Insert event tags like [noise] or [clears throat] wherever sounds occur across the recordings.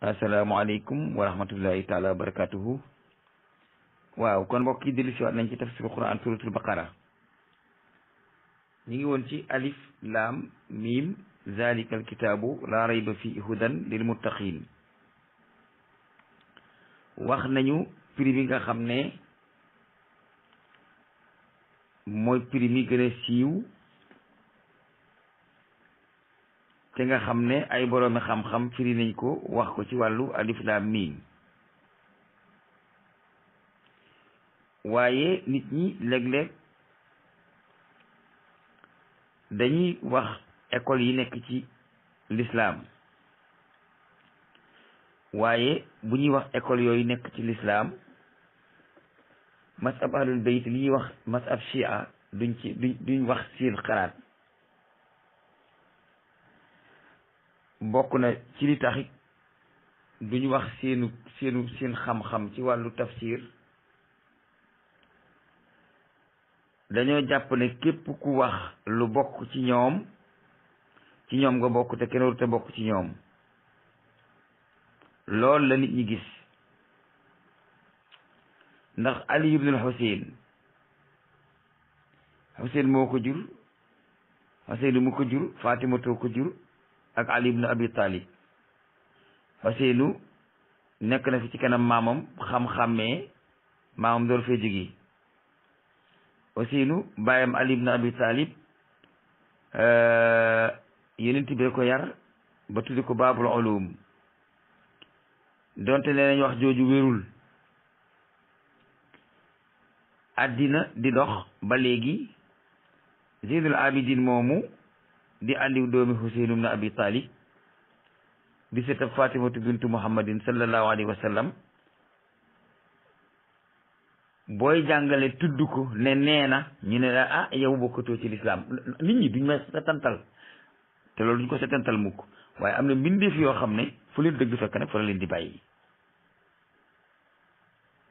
asalaamaaleykum wa rahmatullahi taala wa barakatuhu waaw kon mbokk yi dellu si nañ ci tafsiru quran suratul baqara ñu ngi woon ci alif laam miim zalika alkitaabu laa rayba fi hudan lil muttaqin wax nañu prix bi nga xam ne mooy prix mi gën a siiw te nga xam ne ay boroomi xam-xam firi nañ ko wax ko ci wàllu alif mii waaye nit ñi léeg-léeg dañuy wax école yi nekk ci lislaam waaye bu ñuy wax école yooyu nekk ci lislaam masab ahlul bayt li ñuy wax masab shia duñ ci duñ duñ wax seen xalaat bokk na ci li taxit duñu wax seenu seenu seen xam-xam ci wàllu tafsir dañoo jàpp ne képp ku wax lu bokk ci ñoom ci ñoom nga bokk te kenn te bokk ci ñoom loolu la nit ñi gis ndax ali ibnul xuseyn xuseyn moo ko jur xuseyn mu ko jur faatimatoo ko jur ak ali ibn abi talib nekk na fi ci kanam maamam xam-xammee maamam door fee jógee Ousseynou bàyyam ali ibn abi talib euh, yonent ko yar ba tuddi ko baabul ulum donte nee wax jooju wérul àddina di dox ba léegi Zeynul Abidin moomu di àndi doomi Huseyn ibn Abi Talib di sëtab Fatimatu bintu Muhammadin sallallahu alayhi wa sallam booy jàngale tudd ko ne nee na ñu ne la ah yow bokkatoo ci lislaam nit ñi duñ ma setantal te loolu duñ ko setantal mukk waaye am na mbindeef yoo xam ne fu leen dëgg fekk nag fa la leen di bàyyi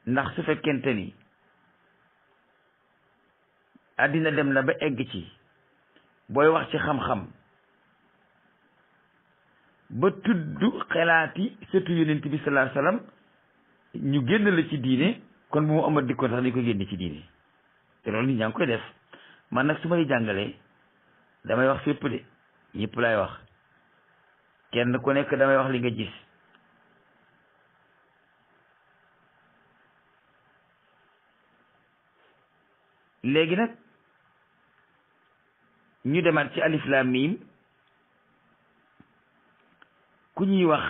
ndax su fekkente ni àddina dem na ba egg ci booy wax ci xam-xam ba tudd xelaati surtout yonent bi sallallahu alayhi ñu génn la ci diine kon bu mu amat dikkoon sax dañ ko génne ci diine te loolu ñaa ngi koy def man nag su may jàngalee damay wax fépp de ñëpp lay wax kenn ku nekk damay wax li nga gis léegi nag ñu demaat ci alif miim ku ñuy wax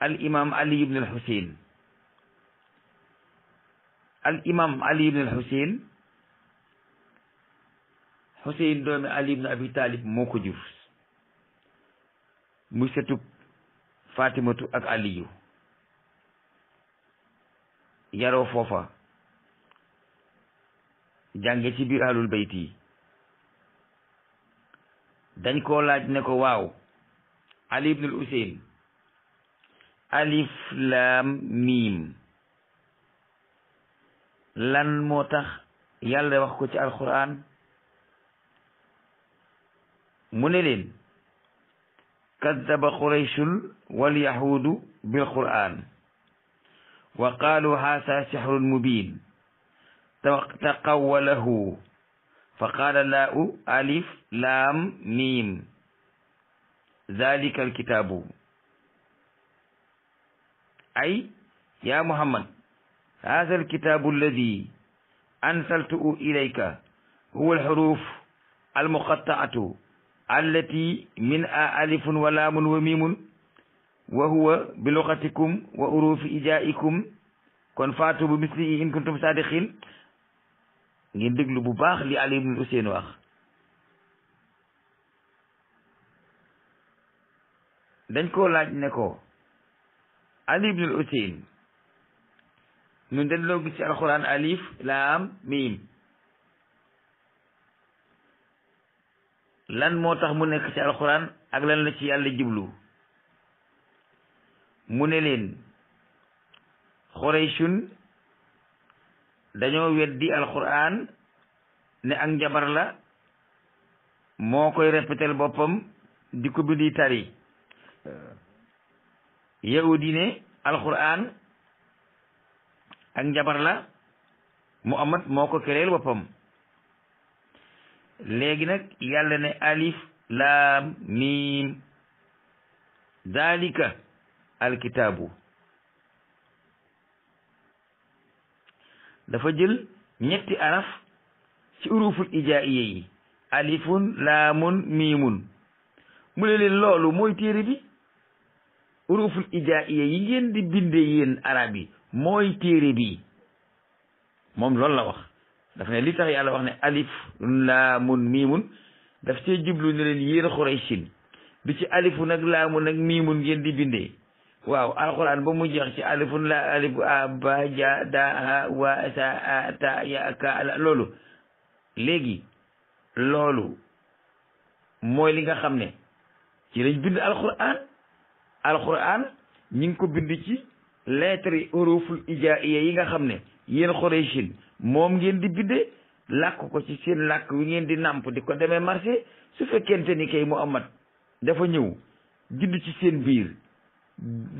al imam ali ibn al al imam ali ibn al husayn doomi ali ibn abi moo ko jur muy setub fatimatu ak aliyu yaroo foofa jànge ci biir ahlul bayt dañ koo laaj ne ko waaw ali ibnul useyn alif laam miim lan moo tax yàlla wax ko ci alquran mu ne leen kaddaba qurayshul wal yahuudu bil quran wa qaalu haasa sihrun mubiin taqawwalahu fa qaala laa u alif laam miim zalika alkitaabu ay ya muhammad hadha alkitaabu alladi ansaltu ilayka huwa alxuruf almuqatta'atu allati min a alifun wa laamun wa miimun wa huwa bilugatikum wa urufi ijaikum kon faatu bi mislihi in kuntum sadiqin ngeen déglu bu baax li Ali ibn Hussein wax dañ koo laaj ne ko Ali ibn Hussein ñun dañ loo gis ci alxuraan alif laam miim lan moo tax mu nekk ci alxuraan ak lan la ci yàlla jiblu mu ne leen xoreysun dañoo weddi alquran ne ak njabar la moo koy répétel boppam di ko bindi tari yahudi ne alquran ak njabar la muhammad moo ko kereel boppam léegi nag yàlla ne alif laam miim dalika alkitaabu dafa jël ñetti araf ci uruful ijaa'iya yi alifun laamun miimun mu ne leen loolu mooy téere bi uruful ijaa'iya yi ngeen di binde yéen arab yi mooy téere bi moom loolu la wax dafa ne li tax yàlla wax ne alifun laamun miimun daf cee jublu ne leen yéen xuraysin bi ci alifu nag laamun nag miimun ngeen di bindee waaw alquran ba mu jeex ci alifun la alif a ba ja da ha wa sa a ta ya ka la loolu léegi loolu mooy li nga xam ne ci lañ bind alquran alquran ñi ngi ko bind ci lettre uruful ijaiya yi nga xam ne yéen xoreyshin moom ngeen di bindee làkk ko ci seen làkk wi ngeen di nàmp di ko demee marché su fekkente ni kay Muhammad dafa ñëw judd ci seen biir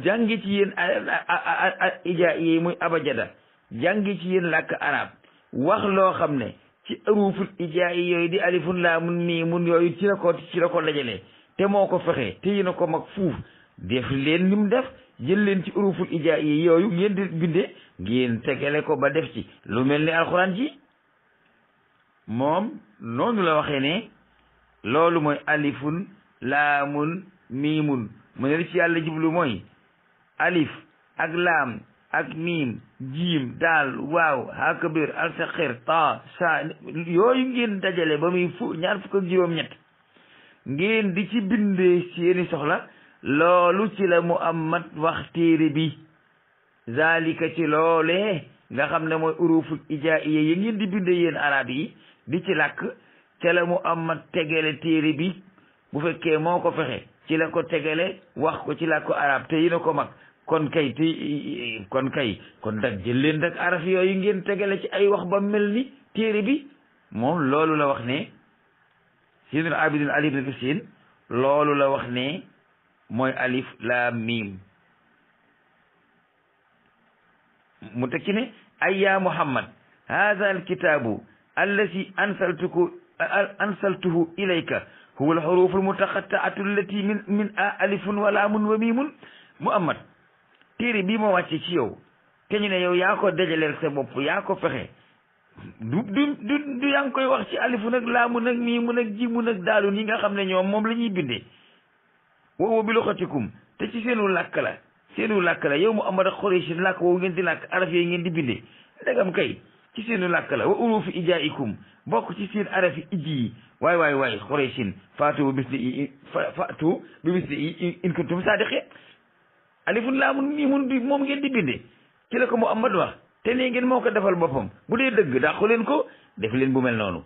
jàngi ci yéen ija yi muy abajada jàngi ci yéen làkk arab wax loo xam ne ci aruuful ija yi yooyu di alifun laamun miimun yooyu ci la ko ci la ko dajale te moo ko fexe te yéen ko mag fuuf def leen ni def jël leen ci aruuful ija yi yooyu ngeen di binde ngeen tegale ko ba def ci lu mel ni alxuraan ji moom noonu la waxee ne loolu mooy alifun laamun miimun mu ne li ci yàlla jublu mooy alif ak lam ak miim jiim daal waaw hakabir alsaxir ta sa yooyu ngeen dajale ba muy fu ñaar fukk ak juróom-ñett ngeen di ci bindee seeni soxla loolu ci la mu ammat wax téere bi zalika ci loolee nga xam ne mooy urufu ijaiya yi ngeen di bindee yéen arab yi di ci làkk ca la mu ammat tegale téere bi bu fekkee moo ko fexe ci la ko tegale wax ko ci la ko arab te yi na ko mag kon kay ti kon kay kon dag jël leen dak araf yooyu ngeen tegale ci ay wax ba mel ni téere bi moom loolu la wax ne Zaynul Abidin Ali ibn Husayn loolu la wax ne mooy alif laam miim mu teg ci ne ay yaa Muhammad haada alkitaabu allazi ansaltuku ansaltuhu ilayka huwa mu almutaxattaatu allati min min a alifun wa laamun wa miimun muhammad téere bii ma wàcce ci yow te ñu ne yow yaa ko dajaleel sa bopp yaa ko fexe du du du ngi koy wax ci alifu nag laamu nag miimu nag jimu nag daalu ni nga xam ne ñoom moom la ñuy bindee woowo bi loxatikum te ci seenu làkk la seenu làkk la yow mu amad a xoree si làkk woowu ngeen di làkk araf yooyu ngeen di bindee ndegam kay ci seenu làkk la wa urufi ijaikum bokk ci seen arafi iji yi waay waay waay xoreysin faatu bi misli faatu bi misli in kuntum sadiqin alifun laamun miimun bi moom ngeen di binde ci la ko Muhammad wax te lii ngeen moo ko defal boppam bu dee dëgg dàqu leen ko def leen bu mel noonu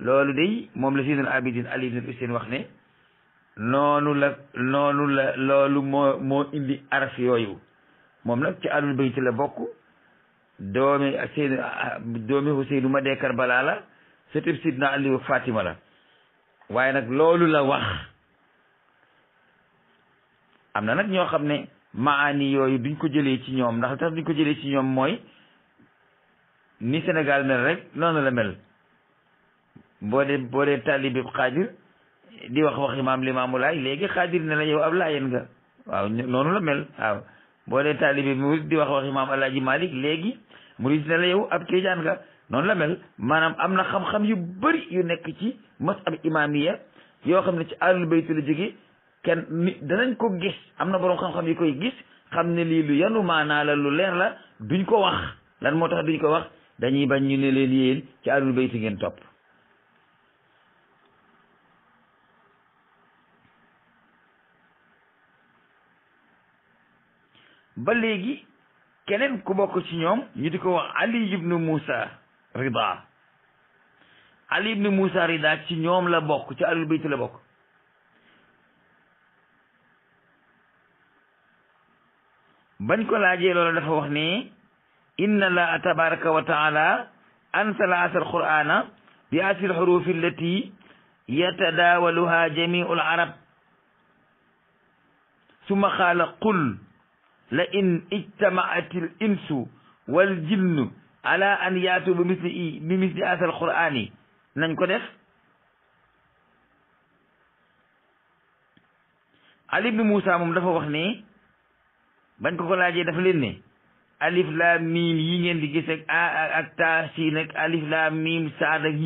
loolu day moom la Seydina Abidin Ali ibn Husayn wax ne noonu la noonu la loolu moo moo indi araf yooyu moom nag ci alul bayt la bokk doomi Seydu doomi Huseynu ma dee Karbala la sëtub Sidna Aliyu Fatima la waaye nag loolu la wax am na nag ñoo xam ne maani yooyu duñ ko jëlee ci ñoom ndax tax duñ ko jëlee ci ñoom mooy ni senegal mel rek noonu la mel boo dee boo dee taalibi xaadir di wax waxi maam Limaamu Laay léegi xaadir ne la yow ab laayeen nga waaw noonu la mel waaw boo dee taalibi murid di wax waxi maam Alaaji Malik léegi murid ne la yow ab tiijaan nga noonu la mel maanaam am na xam-xam yu bëri yu nekk ci mas ab imaamiya yoo xam ne ci ahlul baytu la jóge kenn ni ko gis am na boroom xam-xam yi koy gis xam ne lii lu yanu maanaa la lu leer la duñ ko wax lan moo tax duñ ko wax dañuy bañ ñu ne leen yéen ci ahlul baytu ngeen topp ba léegi keneen ku bokk ci ñoom ñu di ko wax ali ibnu moussa rida ali ibnu moussa rida ci ñoom la bokk ci alul bayt la bokk bañ ko laajee loolu dafa wax ni inna laa tabaraka wa taala ansala asal qur'ana bi asil xurufi allati yatadaawaluha jamiu al arab summa qaala qul la in ijtamaatil insu wal jinnu ala an yaatu bi misli bi misli asal qur'ani nañ ko def ali ibnu moussa moom dafa wax ne bañ ko ko laajee dafa leen ne alif laam miim yi ngeen di gis ak a ak taa alif laam miim saad ak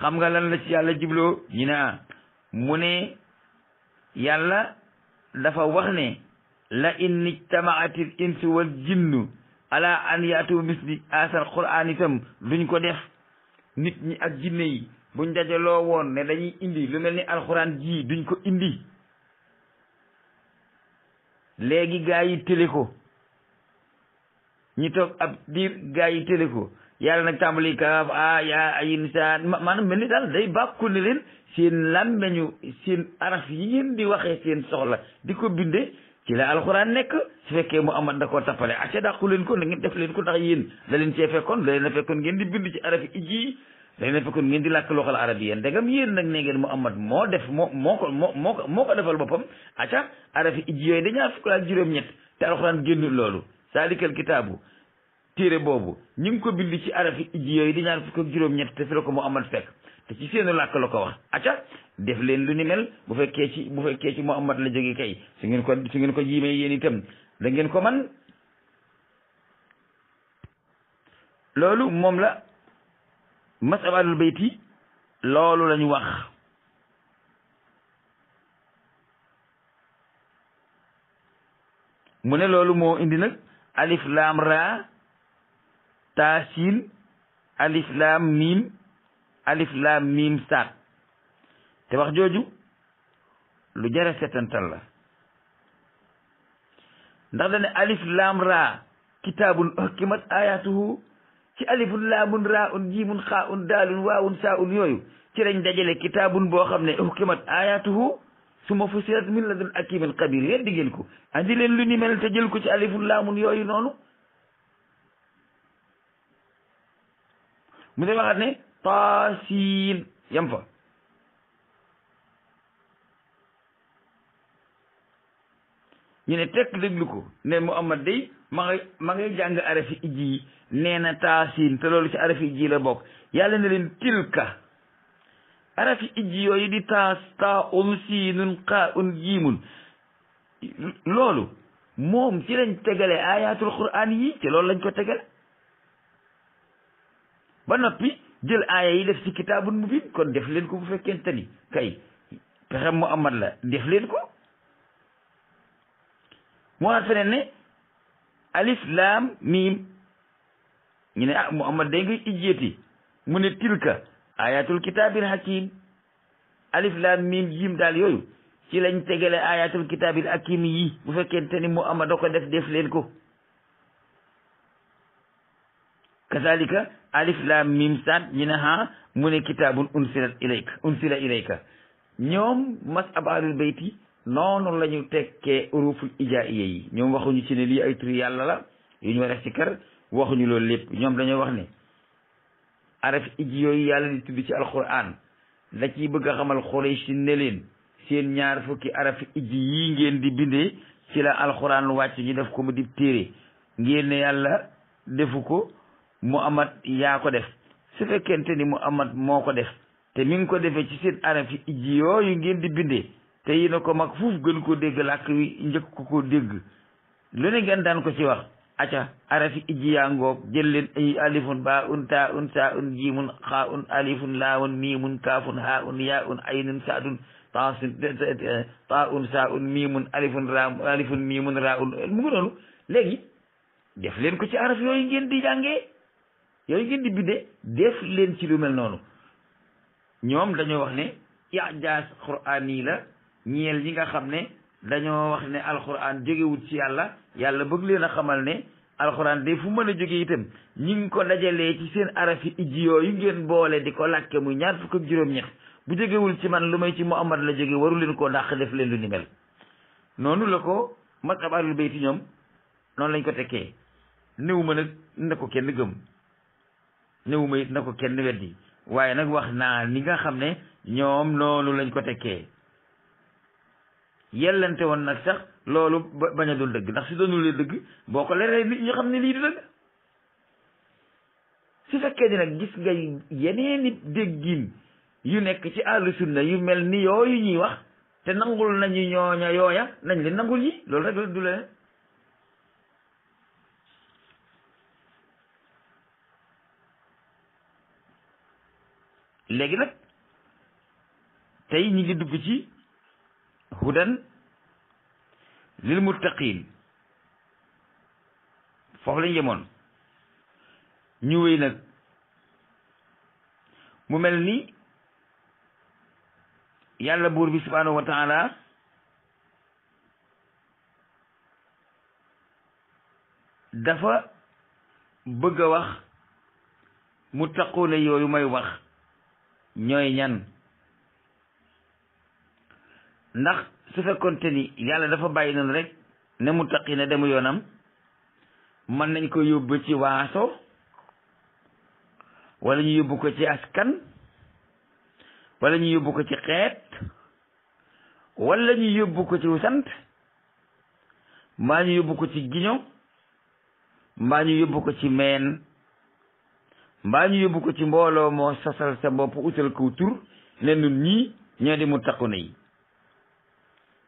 xam nga lan la yàlla jibloo ñu ne mu ne yàlla dafa wax ne la in ijtamaatil insu wal jinnu ala an yaatu misli asal quraan itam duñ ko def nit ñi ak jinne yi buñ dajaloo woon ne dañuy indi lu mel ni alxuraan ji duñ ko indi léegi gaa yi tële ñi toog ab diir gaa yi tële yàlla nag tàmbali kaaf a yaa mel ni daal day bàkku ne leen seen làmmeñu seen araf yi ngeen di waxee seen soxla di ko binde ci la alxuraan nekk su fekkee Muhammad da koo tappale acca dàqu leen ko da ngeen def leen ko ndax yéen da leen cee fekkoon da leen a fekkoon ngeen di bind ci arabi ijji yi da leen a yéen ndegam yéen nag ne ngeen Muhammad moo def moo ko moo moo ko moo ko defal boppam acca arabi ijji yooyu dañaar fukk ak juróom-ñett te alxuraan génnul loolu saalikal kitaabu téere boobu ñu ngi ko bind ci arabi ijji yooyu dañaar fukk ak juróom-ñett te fi la ko Muhammad fekk te ci seenu làkk la ko wax acca def leen lu ni bu fekkee ci bu fekkee ci Muhammad la jóge kay su ngeen ko su ngeen ko jiimee yéen itam da ngeen ko man loolu moom la masab alul bayti loolu lañu wax mu ne loolu moo indi nag alif laam ra taasin alif miim alif laam miim saat te wax jooju lu jare setantal la ndax dane alif laam raa kitaabun hukkimat ayatuhu ci alifun laamun raa un jiimun xaa un daalun waawun saa un yooyu ci lañ dajale kitaabun boo xam ne hukkimat ayatuhu suma fusilat min ladun akimin xabir weddi ngeen ko andi leen lu ni mel te jël ko ci alifun laamun yooyu noonu mu de waxaat ne taasiin yam fa ñu ne tekk déglu ko ne Muhammad day ma ngay ma ngay jàng arafi ijji yi nee na taasiin te loolu ci arafi ijji la bokk yàlla ne leen tilka arafi ijji yooyu di taas taa um siinun xaa un jiimun loolu moom ci lañ tegale ayatul quraan yi ci loolu lañ ko tegale ba noppi jël aaya yi def ci kitaabun mubin kon def leen ko bu fekkente ni kay pexe Muhammad la def leen ko mu waxaat feneen ne alif laam miim ñu ne ah muhammad day ngay ijjeeti mu ne tilka ayatul kitaabil hakim alif miim jiim daal yooyu ci lañ tegale ayatul kitaabil hakim yi bu fekkente ni mu da ko def def leen ko kazalika alif laam miim saat ñu ne ha mu ne kitaabun unsila ilayka unsila ilayka ñoom mas abalul bayti noonu lañu ñu tekkee uruful ijaiya yi ñoom waxuñu ci ne lii ay turi yàlla la yu ñu war a sikkar waxuñu loolu lépp ñoom dañoo wax ni araf iji yooyu yàlla di tudd ci alquran da ciy bëgg a xamal Quraysh ne leen seen ñaar fukki araf iji yii ngeen di bindee ci la alquran wàcc ñu def ko mu dib téere ngeen ne yàlla defu ko mu Muhammad yaa ko def su fekkente ni mu amat moo ko def te mi ngi ko defee ci seen araf iji yooyu ngeen di bindee te yi ko mag fuuf gën ko dégg làkk wi njëkk ko ko daan ko ci wax aca arafi ijjiyaa ngoog jël leen ay alifun baa un taa un saa un jiimun xaa un alifun laawun miimun kaafun haa un yaa un aynun saadun taasun eh, eh, taa un saa un miimun alifun raa un mu ngi noonu léegi def leen ko ci araf yooyu ngeen di jàngee yooyu ngeen di bindee def leen ci lu mel noonu ñoom dañoo wax ne ijaaz quraan yi ñeel ñi nga xam ne dañoo wax ne alxuraan jógewut ci yàlla yàlla bëgg leen a xamal ne alxuraan de fu mën a jóge itam ñu ngi ko dajalee ci seen arafi ijji yooyu ngeen boole di ko làkke muy ñaar fukk ak juróom-ñett bu jógewul ci man lu may ci Muhammad la jóge waru leen koo dàq def leen lu ni mel noonu la ko mazhab ahlul bayti ñoom noonu lañ ko tekkee néew ma nag na ko kenn gëm néew ma it na ko kenn weddi waaye nag wax naa ni nga xam ne ñoom noonu lañ ko tekkee yellante woon nag sax loolu bañ a doon dëgg ndax su doonul dëgg boo ko leeree nit ñi xam ne lii du dëgg su fekkee ni nag gis nga yeneen i déggin yu nekk ci ahlu sunna yu mel ni yooyu ñuy wax te nangul nañu ñooña yooya nañ leen nangul yi loolu la du leen léegi nag tey ñi ngi dugg ci hudan lil muttaqin foofu lañ yemoon ñu wéy nag mu mel ni yàlla buur bi subhanahu wa taala dafa bëgga a wax muttaquuna yooyu may wax ñooy ñan ndax su fekkoonte ni yàlla dafa bàyyi noonu rek ne mu taqi ne demu yoonam man nañ ko yóbbu ci waaso wala ñu yóbbu ko ci askan walla ñu yóbbu ko ci xeet wala ñu yóbbu ko ci sant mbaa ñu yóbbu ko ci giño mbaa ñu yóbbu ko ci meen mbaa ñu yóbbu ko ci mbooloo moo sasal sa bopp utal ko tur ne nun ñii ñoo di mu taqu na yi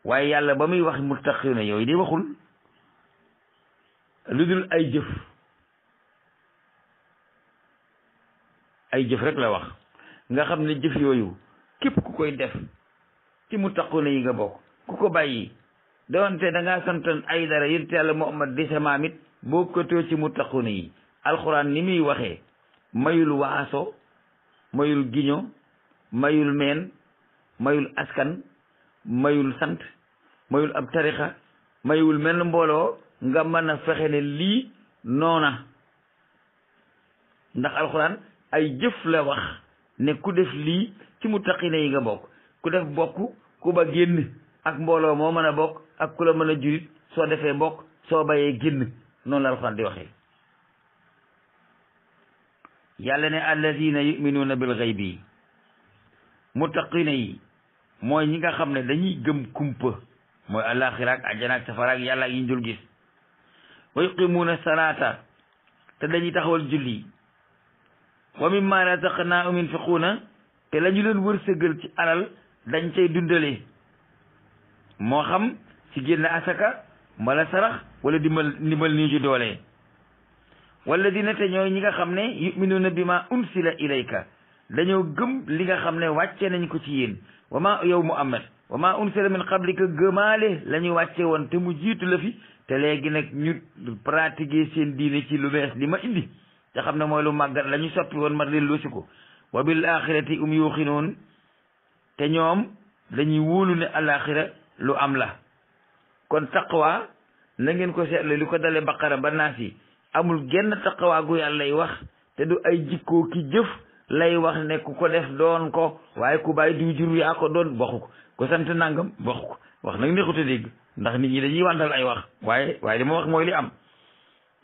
waaye yàlla ba muy wax mu muttaqiina yooyu di waxul lu dul ay jëf ay jëf rek la wax nga xam ne jëf yooyu képp ku koy def ci muttaqiina yi nga bokk ku ko bàyyi doonte da ngaa santoon ay dara yonent yàlla Muhammad di sa maam it boo ko too ci muttaqiina yi alxuraan ni muy waxe mayul waaso mayul giño mayul meen mayul askan mayul sant mayul ab tarixa mayul mel mbooloo nga mën a fexe ne lii noona ndax alxuraan ay jëf la wax ne ku def lii ci mu taqine yi nga bokk ku def bokk ku ba génn ak mbooloo moo mën a bokk ak ku la mën a jurit soo defee bokk soo bayee génn noonu la alxuraan di waxee yàlla ne alladina yuminuuna bil xaybi yi mu taqine yi mooy ñi nga xam ne dañuy gëm kumpa mooy àllaaxira ak àjjana ak safara yàlla ak yi ñu dul gis wa yuqimuuna salaata te dañuy taxawal julli wa mimmaa razaqnaahum yunfiquuna te la ñu leen wërsëgal ci alal dañ cay dundale moo xam ci génn asaka mbala sarax wala dimbal ndimbal nii ju doole walladina te ñooy ñi nga xam ne yuminuuna bi ma unsila ilayka dañoo gëm li nga xam ne wàcce nañ ko ci yéen wa ma yow muhammad wa ma unsila li qablika gëmaale la ñu wàcce woon te mu jiitu la fi te léegi nag ñu pratiquer seen diine ci lu bees li ma indi te xam ne mooy lu màggat la ñu soppi woon ma dellusi ko wa bil axirati um yuuxinoon te ñoom dañuy wóolu ne alaxira lu am la kon taqwa na ngeen ko seetlu li ko dale baqara ba naas yi amul genn taqwa gu yàlla lay wax te du ay jikkoo ki jëf lay wax ne ku ko def doon ko waaye ku bàyyi diw jur yaa ko doon waxu ko ko sant nangam wax wax nag neexut a dégg ndax nit ñi dañuy wàndal ay wax waaye waaye li ma wax mooy li am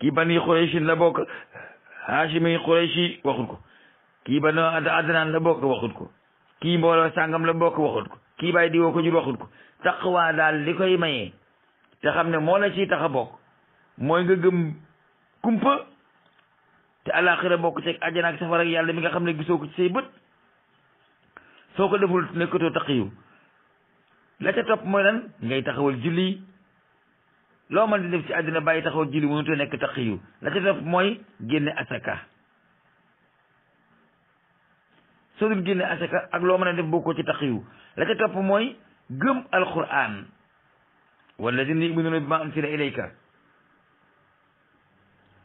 kii bani xuraysin la bokk haashimi xuraysi waxut ko kii bani adnaan la bokk waxut ko kii mbooloo sàngam la bokk waxut ko kii bàyyi diwoo ko jur waxut ko taqwa daal li koy mayee te xam ne moo la ci tax a bokk mooy nga gëm kumpa te alaxira bokk ceeg àjjana ak yàlla mi nga xam ne gisoo ko ci say bët soo ko deful nekkatoo taqiyu la ca topp mooy lan ngay taxawal julli loo mën di def ci àddina bàyyi taxawal julli mënutoo nekk taqiyu la ca topp mooy génne asaka soo dul génne asaka ak loo ma a def bokkoo ci taqiyu la ca topp mooy gëm alquran walladina yuminuuna bima unsila ilayka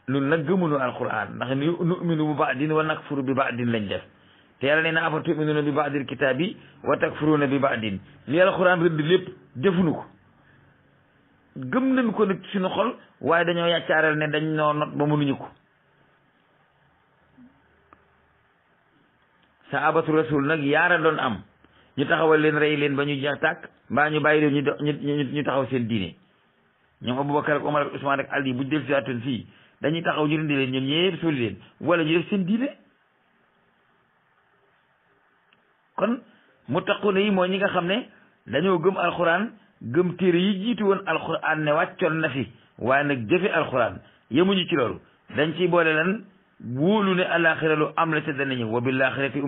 loolu nag gëmuñu alquran ndax nu numinu bu baadin wa nakfuru bi baadin lañ def te yàlla nee na afa tuminuna bi baadil kitaabi wa takfuruna bi baadin li alxuraan rëdd lépp defuñu ko gëm nañ ko nag suñu xol waaye dañoo yàccaaral ne dañ noo not ba mënuñu ko saabatu rasul nag yaara doon am ñu taxawal leen rey leen ba ñu jeex tàkk mbaa ñu bàyyi leen ñu ñu taxaw seen diine ñoom Aboubacar ak Omar ak Ousmane ak Ali bu ñu dellusiwaatoon fii dañuy taxaw ñu dindi leen ñoom ñëpp suuli leen wala ñu def seen diine kon muttaquna yi mooy ñi nga xam ne dañoo gëm alxuraan gëm téere yi jiitu woon alxuraan ne wàccoon na fi waaye nag jëfe alxuraan yemuñu ci loolu dañ ciy boole lan wóolu ne am la te dana ñëw wa bil axirati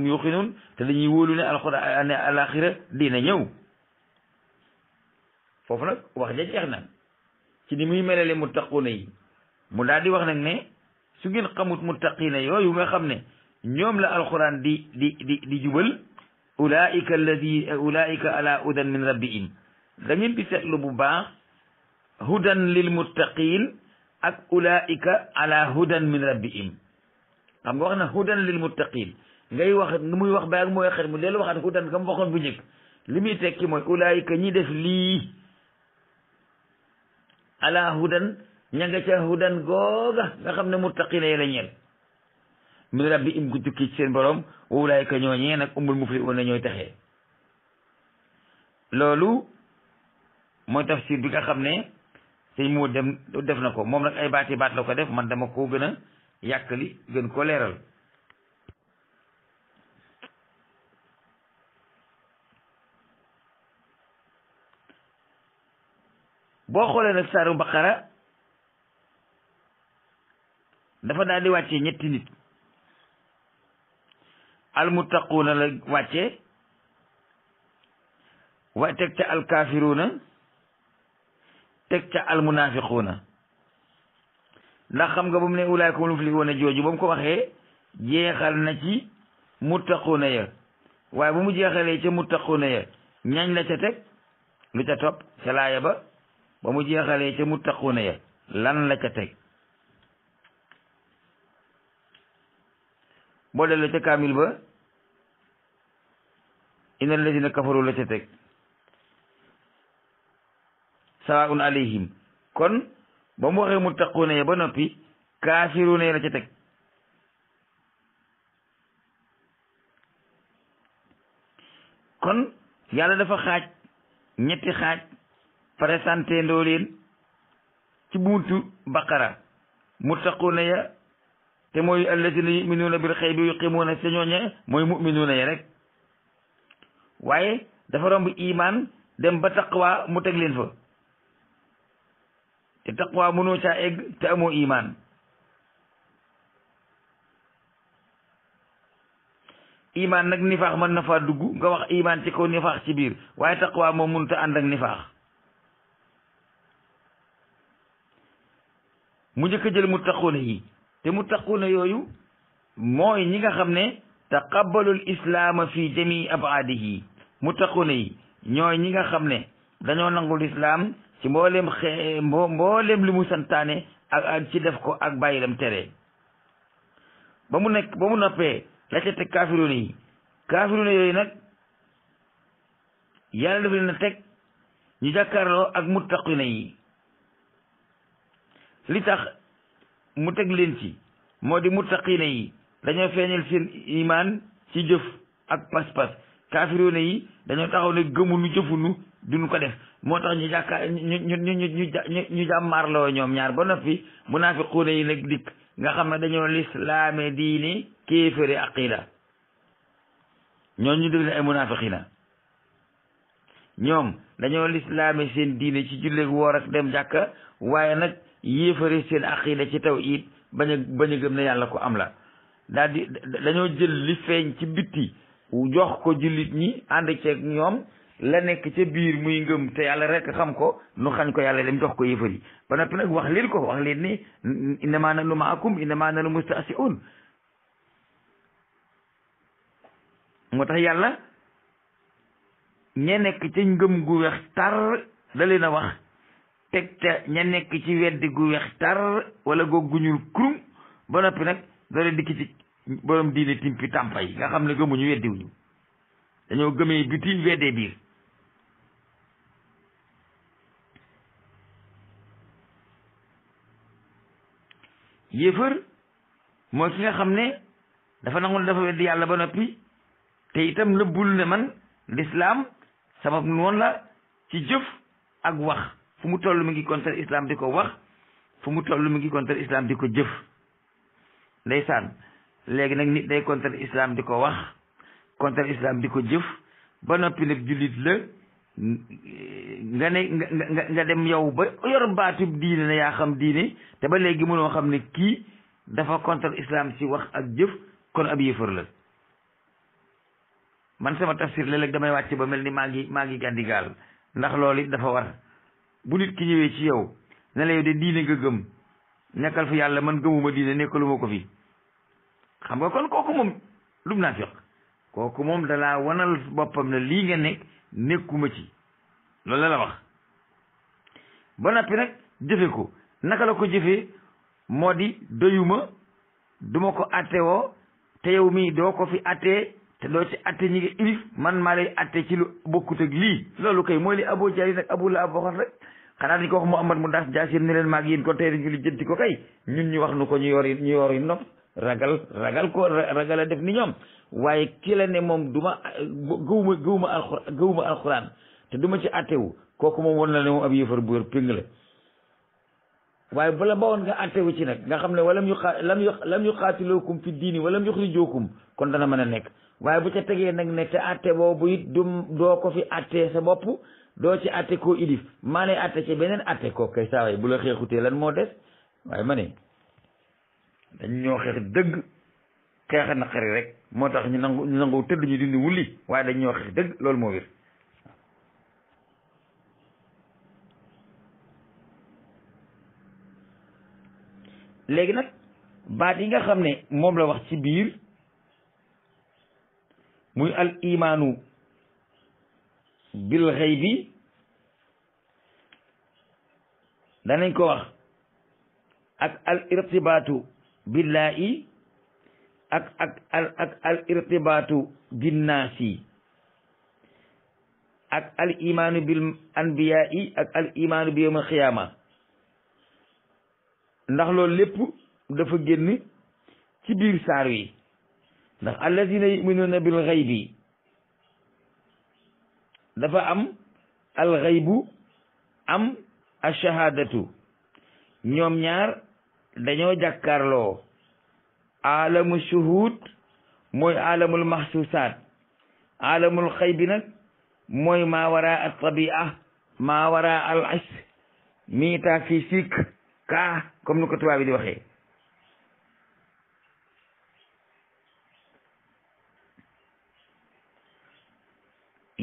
te dañuy wóolu ne alxuraan ne alaxira dina ñëw foofu nag wax ja jeex na ci ni muy melale muttaquna yi mu daal di wax nag ne su ngeen xamut muttaqina yooyu nga xam ne ñoom la alxuraan di di di di jubal ulaika alladi ulaika ala hudan min rabbihim da ngeen di seetlu bu baax hudan lil muttaqin ak ulaika ala hudan min rabbihim xam nga wax na hudan lil muttaqin gay wax muy wax ba ak mooy xel mu dellu waxaat hudan kam waxoon bu njëkk li muy tekki mooy ulaayika ñi def lii ala hudan ña nga ca hudan googa nga xam ne muttaqina yi la ñeel min bi im ku tukki ci seen borom wa ulaayka ñooñee nag umul muflihuuna ñooy taxee loolu mooy tafsir bi nga xam ne sëñ mu dem def na ko moom nag ay baati baat la ko def man dama koo gën a yàkkali gën koo leeral boo xoolee nag saaru baqara dafa daal di wàccee ñetti nit almuttaquuna la wàcce wa teg ca alkaafiruuna teg ca almunaafiquuna ndax xam nga ba mu ne ulaayikumul muflihuuna jooju ba mu ko waxee jeexal na ci muttaquuna ya waaye ba mu jeexalee ca muttaquuna ya ñañ la ca teg lu ca topp ca laaya ba ba mu jeexalee ca muttaquuna ya lan la ca teg boo la ca kaamil ba inna alladina kafaru la ca teg sawaun alayhim kon ba mu waxee muttaquuna ya ba noppi kaafiruuna ya la ca teg kon yàlla dafa xaaj ñetti xaaj présenté ndoo leen ci buntu baqara muttaquuna ya te mooy alladina yuminuuna bil xëy bi yuqimuuna si ñooñe mooy muminuuna yi rek waaye dafa romb iman dem ba waa mu teg leen fa te taqwa mënoo caa egg te amoo iman nag nifaax mën na faa dugg nga wax iman ci kaw nifaax ci biir waaye taqwa moom mënut a ànd ak nifaax mu njëkk jël mu taqoona yi te mu taquna yooyu mooy ñi nga xam ne taqabbalul islaama fi jami abaadihi mu taquna yi ñooy ñi nga xam ne dañoo nangul islaam ci mboolem xe mbooleem li mu santaane ak ak ci def ko ak bàyyi lam tere ba mu nekk ba mu noppee la ca teg kaafiruuna yi kaafiruuna yooyu nag yàlla daf leen a teg ñu jàkkaarloo ak muttaqiina yi li tax mu teg leen ci moo di muttaqiina yi dañoo feeñal seen imaan ci jëf ak pas-pas kaafiroona yi dañoo taxaw ne gëmunu jëfunu duñ ko def moo tax ñu jàkkaar ñu ñu ñu ñu jàmmaarloo ñoom ñaar ba noppi munaafiquuna yi nag dikk nga xam ne dañoo lislaame diine kéefëre aqida ñoo ñu def ne ay munaafiqiina ñoom dañoo lislaame seen diine ci julleeg woor ak dem jàkka waaye nag yéefari seen aqida ci taw bañ a bañ a gëm ne yàlla ko am la daal di dañoo jël li feeñ ci bitti jox ko jullit ñi ànd ceeg ñoom la nekk ci biir muy ngëm te yàlla rek xam ko nu xañ ko yàlla dem jox ko yéefar yi ba noppi nag wax leen ko wax leen ni innama nanu maakum innama nanu mustasiun moo tax yàlla ñe nekk ca ngëm gu weex tar da a wax teg ca ña nekk ci weddi gu weex tar wala goog gu ñuul kurum ba noppi nag doole dikk ci borom diine timpi tàmpa yi nga xam ne gëmuñu weddiwuñu dañoo gëmee biti weddee biir yéefar mooy ki nga xam ne dafa nangu ne dafa weddi yàlla ba noppi te itam nëbbul ne man lislaam sabab noonu la ci jëf ak wax fu mu toll mu ngi contre islam di ko wax fu mu toll mi ngi contre islam di ko jëf ndeysaan léegi nag nit day contre islam di ko wax contre islam di ko jëf ba noppi nag jullit la nga ne nga nga dem yow ba yor baatub diine na yaa xam diine te ba léegi mënoo xam ne kii dafa contre islam ci wax ak jëf kon ab yëfar la man sama tafsir léeg-léeg damay wàcc ba mel ni maa ngi maa ngi gàndigaal ndax loolu it dafa war bu nit ki ñëwee ci yow ne de diine nga gëm nekkal fi yàlla man gëmuma diine nekkaluma ko fi xam nga kon kooku moom lu mu naa fiq kooku moom dalaa wanal boppam na lii nga nekk nekkuma ci loolu la la wax ba noppi nag jëfe ko naka la ko jëfe moo di doyuma duma ko attewoo te yow mii doo ko fi attee te doo ci atte ñi nga ilif man maa lay atte ci lu bokkut ak lii loolu kay mooy li aboo Jahl nag Abu Lahab waxoon rek xanaa dañ ko wax Muhammad mu daas jaasir ni leen maag yéen kon tey dañ ko ko kay ñun wax nu ko ñu yor ñu yor yi nopp ragal ragal ko ragal def ni ñoom waaye kii la ne moom du ma gëwuma gëwuma alxuraan gëwuma alxuraan te du ma ci attewu kooku moom woon la ne moom ab yëfar bu wér péng la waaye bala bawoon nga attewu ci nag nga xam ne walam yu xa lam yu lam yu xaatilookum fi diini walam yuxrijookum kon dana mën a nekk waaye bu ca tegee nag ne te atte boobu it du doo ko fi atte sa bopp doo ci atte koo ilif maa lay atte ci beneen atte koo kay saa waay bu la xeexutee lan moo des waaye ma ne dañ ñoo xeex dëgg xeexa na xari rek moo tax ñu nangu ñu nangu tëdd ñu dindi wulli waaye dañ ñoo xeex dëgg loolu moo wér léegi nag baat yi nga xam ne moom la wax ci biir muy al imaanu bil xaybi danañ ko wax ak al irtibaatu billaahi ak ak al ak al irtibaatu binnaasi ak al imaanu bil anbiyaa'i ak al imaanu bi yawmal xiyaama ndax loolu lépp dafa génn ci biir saar wi ndax alladina bi bil xaybi dafa am alxaybu am ashahadatu ñoom ñaar dañoo jàkkaarloo aalamu shuhud mooy aalamul mahsusaat aalamul xaybi nag mooy maa wara al tabia maa wara al is mii taa physique kaa comme nu ko tubaab bi di waxee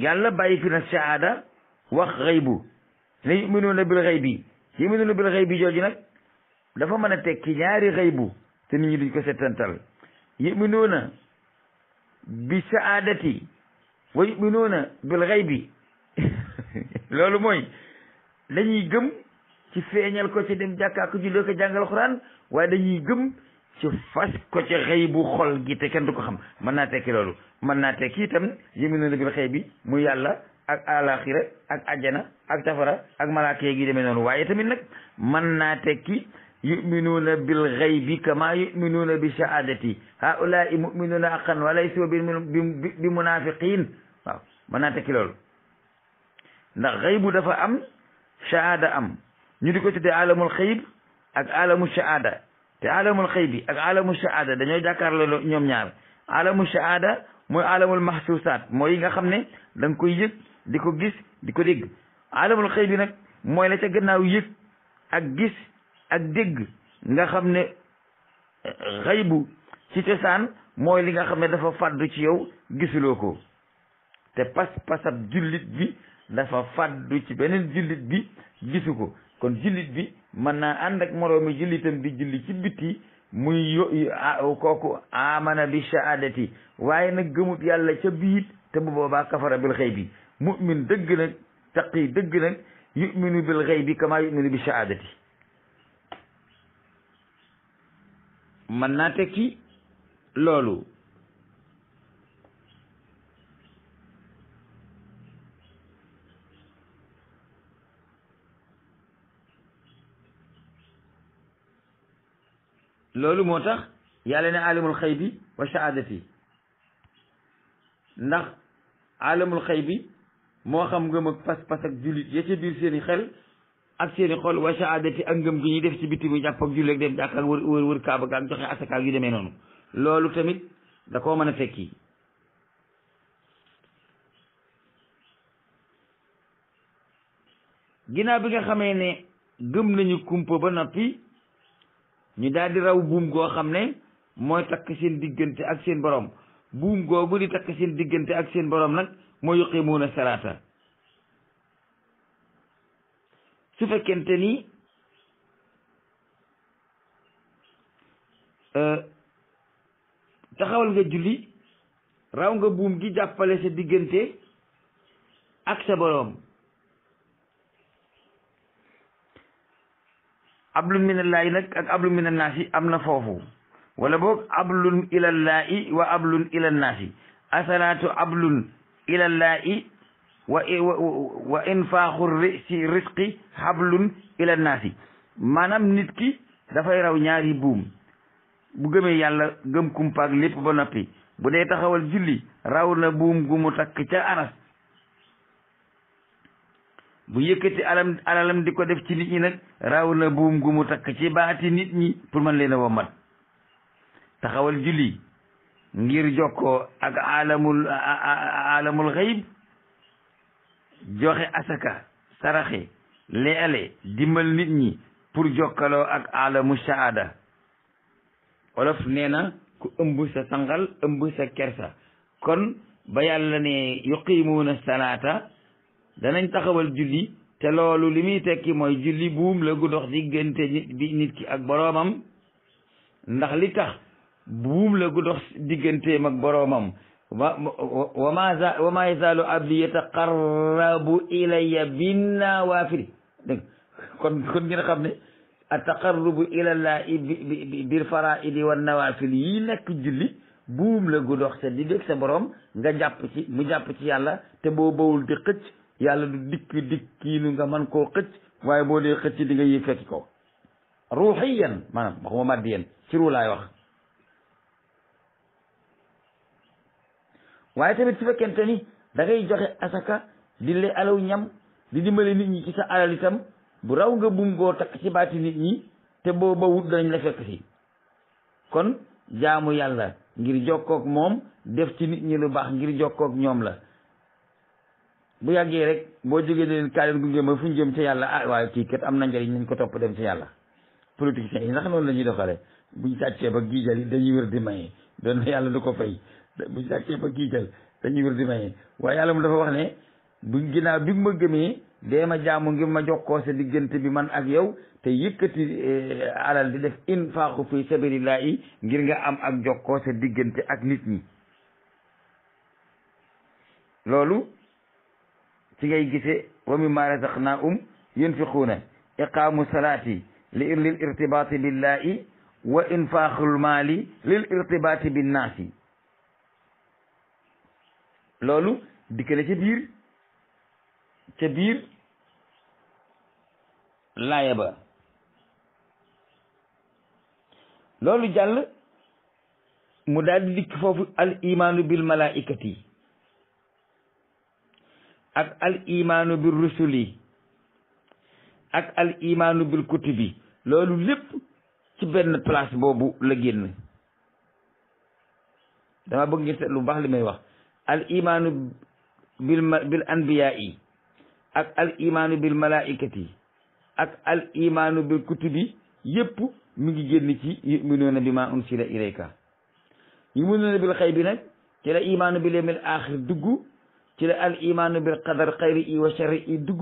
yàlla bàyyi fi na saada wax xaybu ne yuminuuna bil xaybi yuminuuna bil xaybi jooju nag dafa mën a tekki ñaari xaybu te nit ñi duñ ko settantal yuminuuna bi saadati wa yuminuuna bil xaybi [laughs] loolu mooy dañuy gëm ci feeñal ko ci dem jàkkaa ko ko jàngal xuraan waaye dañuy gëm ci fas ko ci xëy bu xol gi te kenn du ko xam mën naa tekki loolu mën naa tekki itam yëminu la bil xëy bi mu yàlla ak alaxira ak ajjana ak safara ak malaakee gi demee noonu waaye tamit nag mën naa tekki yuminuuna bil xaybi kama yuminuuna bi shahaadati haulaai muminuuna aqan wa laysu bi bi munaafiqin waaw mën naa tekki loolu ndax xaybu dafa am shahaada am ñu di ko tuddee alamul xayb ak alamu shahaada te alamul xëy bi ak alamu shahaada dañoo jàkkaarloo ñoom ñaar alamu shahaada mooy alamul mahsusaat mooy yi nga xam ne da koy yëg di ko gis di ko dégg alamul xëy bi nag mooy la ca gannaaw yëg ak gis ak dégg nga xam ne eh, xëy bu ci cosaan mooy li nga xam ne dafa fàddu ci yow gisuloo ko te pas pasab jullit bi dafa fàddu ci beneen jullit bi gisu ko kon jullit bi mën naa ànd ak moroomi jullitam di julli ci bitti muy yo kooku amana bi shahadati waaye nag gëmut yàlla ca biit te bu boobaa kafara bil xëy bi mu'min dëgg nag taqi dëgg nag yuminu bil xëy bi yuminu bi shahadati mën naa tekki loolu loolu moo tax yàlla ne alimul xëy bi wa shahaadati ndax alimul xëy bi moo xam ngëm ak pas pas ak jullit ya ca biir seeni xel ak seeni xol wa shahaadati ak ngëm gi ñuy def ci bitti mu jàpp ak jullit dem jàkk wër wër wër kaaba ga ak joxe asaka yu demee noonu loolu tamit da koo mën a fekki ginnaaw bi nga xamee ne gëm nañu kumpa ba noppi ñu daal di raw buum goo xam ne mooy takk seen diggante ak seen borom buum googu di takk seen diggante ak seen borom nag moo yuqimuuna salaata su fekkente ni euh, taxawal nga julli raw nga buum gi jàppale sa diggante ak sa borom ablun minallaahi nag ak ablun minannaasi am na foofu wala boog ablun ilallaahi wa ablun ilannaasi asalaatu ablun ilallaahi wa wa infaaxu hablun ilannaasi maanaam nit ki dafay raw ñaari buum bu gëmee yàlla gëm kumpaag lépp ba noppi bu dee taxawal julli raw na buum gu takk ca aras bu yëkkati alam di ko def ci nit ñi nag raw na buum gu mu takk ci baati nit ñi pour man leen a wommat taxawal julli ngir jokkoo ak alamul alamul xayib joxe asaka saraxe leele dimbal nit ñi pour jokkaloo ak alamu saada olof nee na ku ëmb sa sangal ëmb sa kersa kon ba yàlla ne yuqimuuna salaata danañ taxawal julli te loolu li muy tekki mooy julli buum la gu dox diggante nit ki ak boroomam ndax li tax buum la gu dox digganteem ak boroomam wa ma wa ma yazaalu abdi yataqarrabu ilayya binnawaafili dégg kon kon ngeen xam ne a taqarrubu ilallahi bi bil faraidi wan nawaafil yi nekk julli buum la gu dox sa digg sa boroom nga jàpp ci mu jàpp ci yàlla te boo bawul di xëcc yàlla du dikk dikkiinu nga man koo xëcc waaye boo dee xëcc di nga fekki ko ruuxiyan maanaam waxuma maddiyan ci ruu laay wax waaye tamit su fekkente ni da joxe asaka di le alaw ñam di dimbale nit ñi ci sa alal itam bu raw nga bum goo takk ci baati nit ñi te boo ba wut danañ la fekk si kon jaamu yàlla ngir jokkook moom def ci nit ñi lu baax ngir jokkook ñoom la bu yàggee rek boo jógee ne kaa leen gunge ma fu ñu jëm ca yàlla ah waaye kii kat am na njëriñ nañ ko topp dem ca yàlla politiciens yi ndax noonu la ñuy doxale buñ sàccee ba giijal yi dañuy wër di maye doon yàlla du ko fay buñ sàccee ba dañuy di maye waaye yàlla mu dafa wax ne bu ginnaaw bi ma gëmee dee ma jaamu ngir ma jokkoo sa diggante bi man ak yow te yëkkati eh, alal di def infaaxu fi sabilillahi ngir nga am ak jokkoo sa diggante ak nit ñi loolu ci ngay gisee wa mimma razaqnaahum yunfiquuna iqaamu salaati li lil irtibaati billahi wa infaaxul maali lil irtibaati binnaasi loolu dikk na ca biir ca biir laaya ba loolu jàll mu daal di dikk foofu al imaanu bil malaikati ak al imaanu bir rusuli ak al imaanu bil kutubi loolu lépp ci benn place boobu la génn dama bëgg ngeen seet lu baax li may wax al imaanu bil bil anbiya yi ak al imaanu bil malaikati bi al imaanu yépp mi ngi génn ci yuminuuna bi ma unsila ilayka yuminuuna bil xay bi nag ci la imaanu bil yawmil axir dugg ci la al imaanu bil qadar xayri i wa sharri i dugg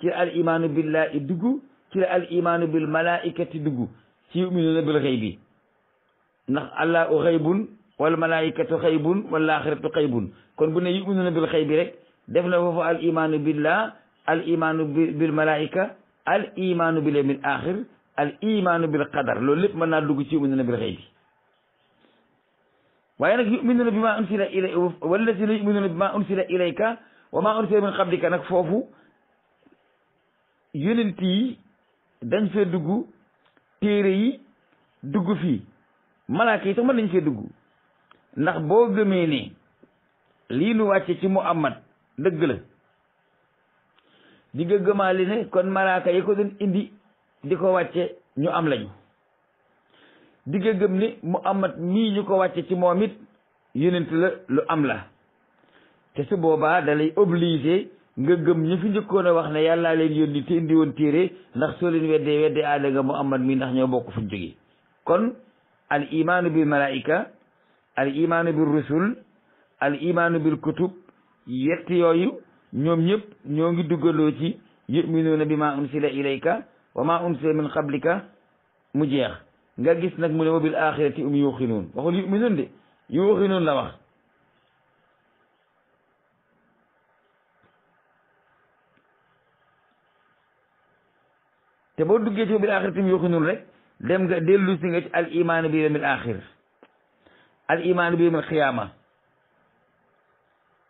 ci la al imaanu billahi dugg ci la al imaanu bil malaikati dugg ci yuminuna bil xaybi ndax allahu xaybun wal malaikatu xaybun wal axiratu xaybun kon bu ne yuminuna bil xaybi rek def na foofu al imaanu billah al imaanu bil malaika al imaanu bil yawmil axir al imaanu bil qadar loolu lépp mën naa dugg ci yuminuna bil xaybi waaye nag yuminuna bi ma unsila ilay walladina yuminuna bi ma unsila ka wa ma unsila min ka nag foofu yonent yi dañ fee dugg téere yi dugg fii malaaka yi sax mën nañ fee dugg ndax boo gëmee ne lii nu wàcce ci muhammad dëgg la di nga gëmaale ne kon malaaka yi ko doon indi di ko wàcce ñu am lañu di nga gëm ni Muhammad mii ñu ko wàcce ci moom it yonent la lu am la te su boobaa dalay obligé nga gëm ñi fi njëkkoon a wax ne yàllaa leen yónni te indi woon téere ndax soo leen weddee weddee aada nga Muhammad mii ndax ñoo bokk fu ñu jóge kon al imaanu bil malaayika al imaanu bil rusul al imaanu bil kutub yett yooyu ñoom ñëpp ñoo ngi duggandoo ci yuminuuna bi ma unsila ilayka wa ma unsila mu jeex nga gis nag mu ne wa bil axirati um yuuxinuun waxul yuminuun de yuuxinuun la wax te boo duggee ci wa bil axirati um yuuxinuun rek dem nga dellu si nga ci al imaanu bi yawmil axir al imaanu bi yawmil xiyaama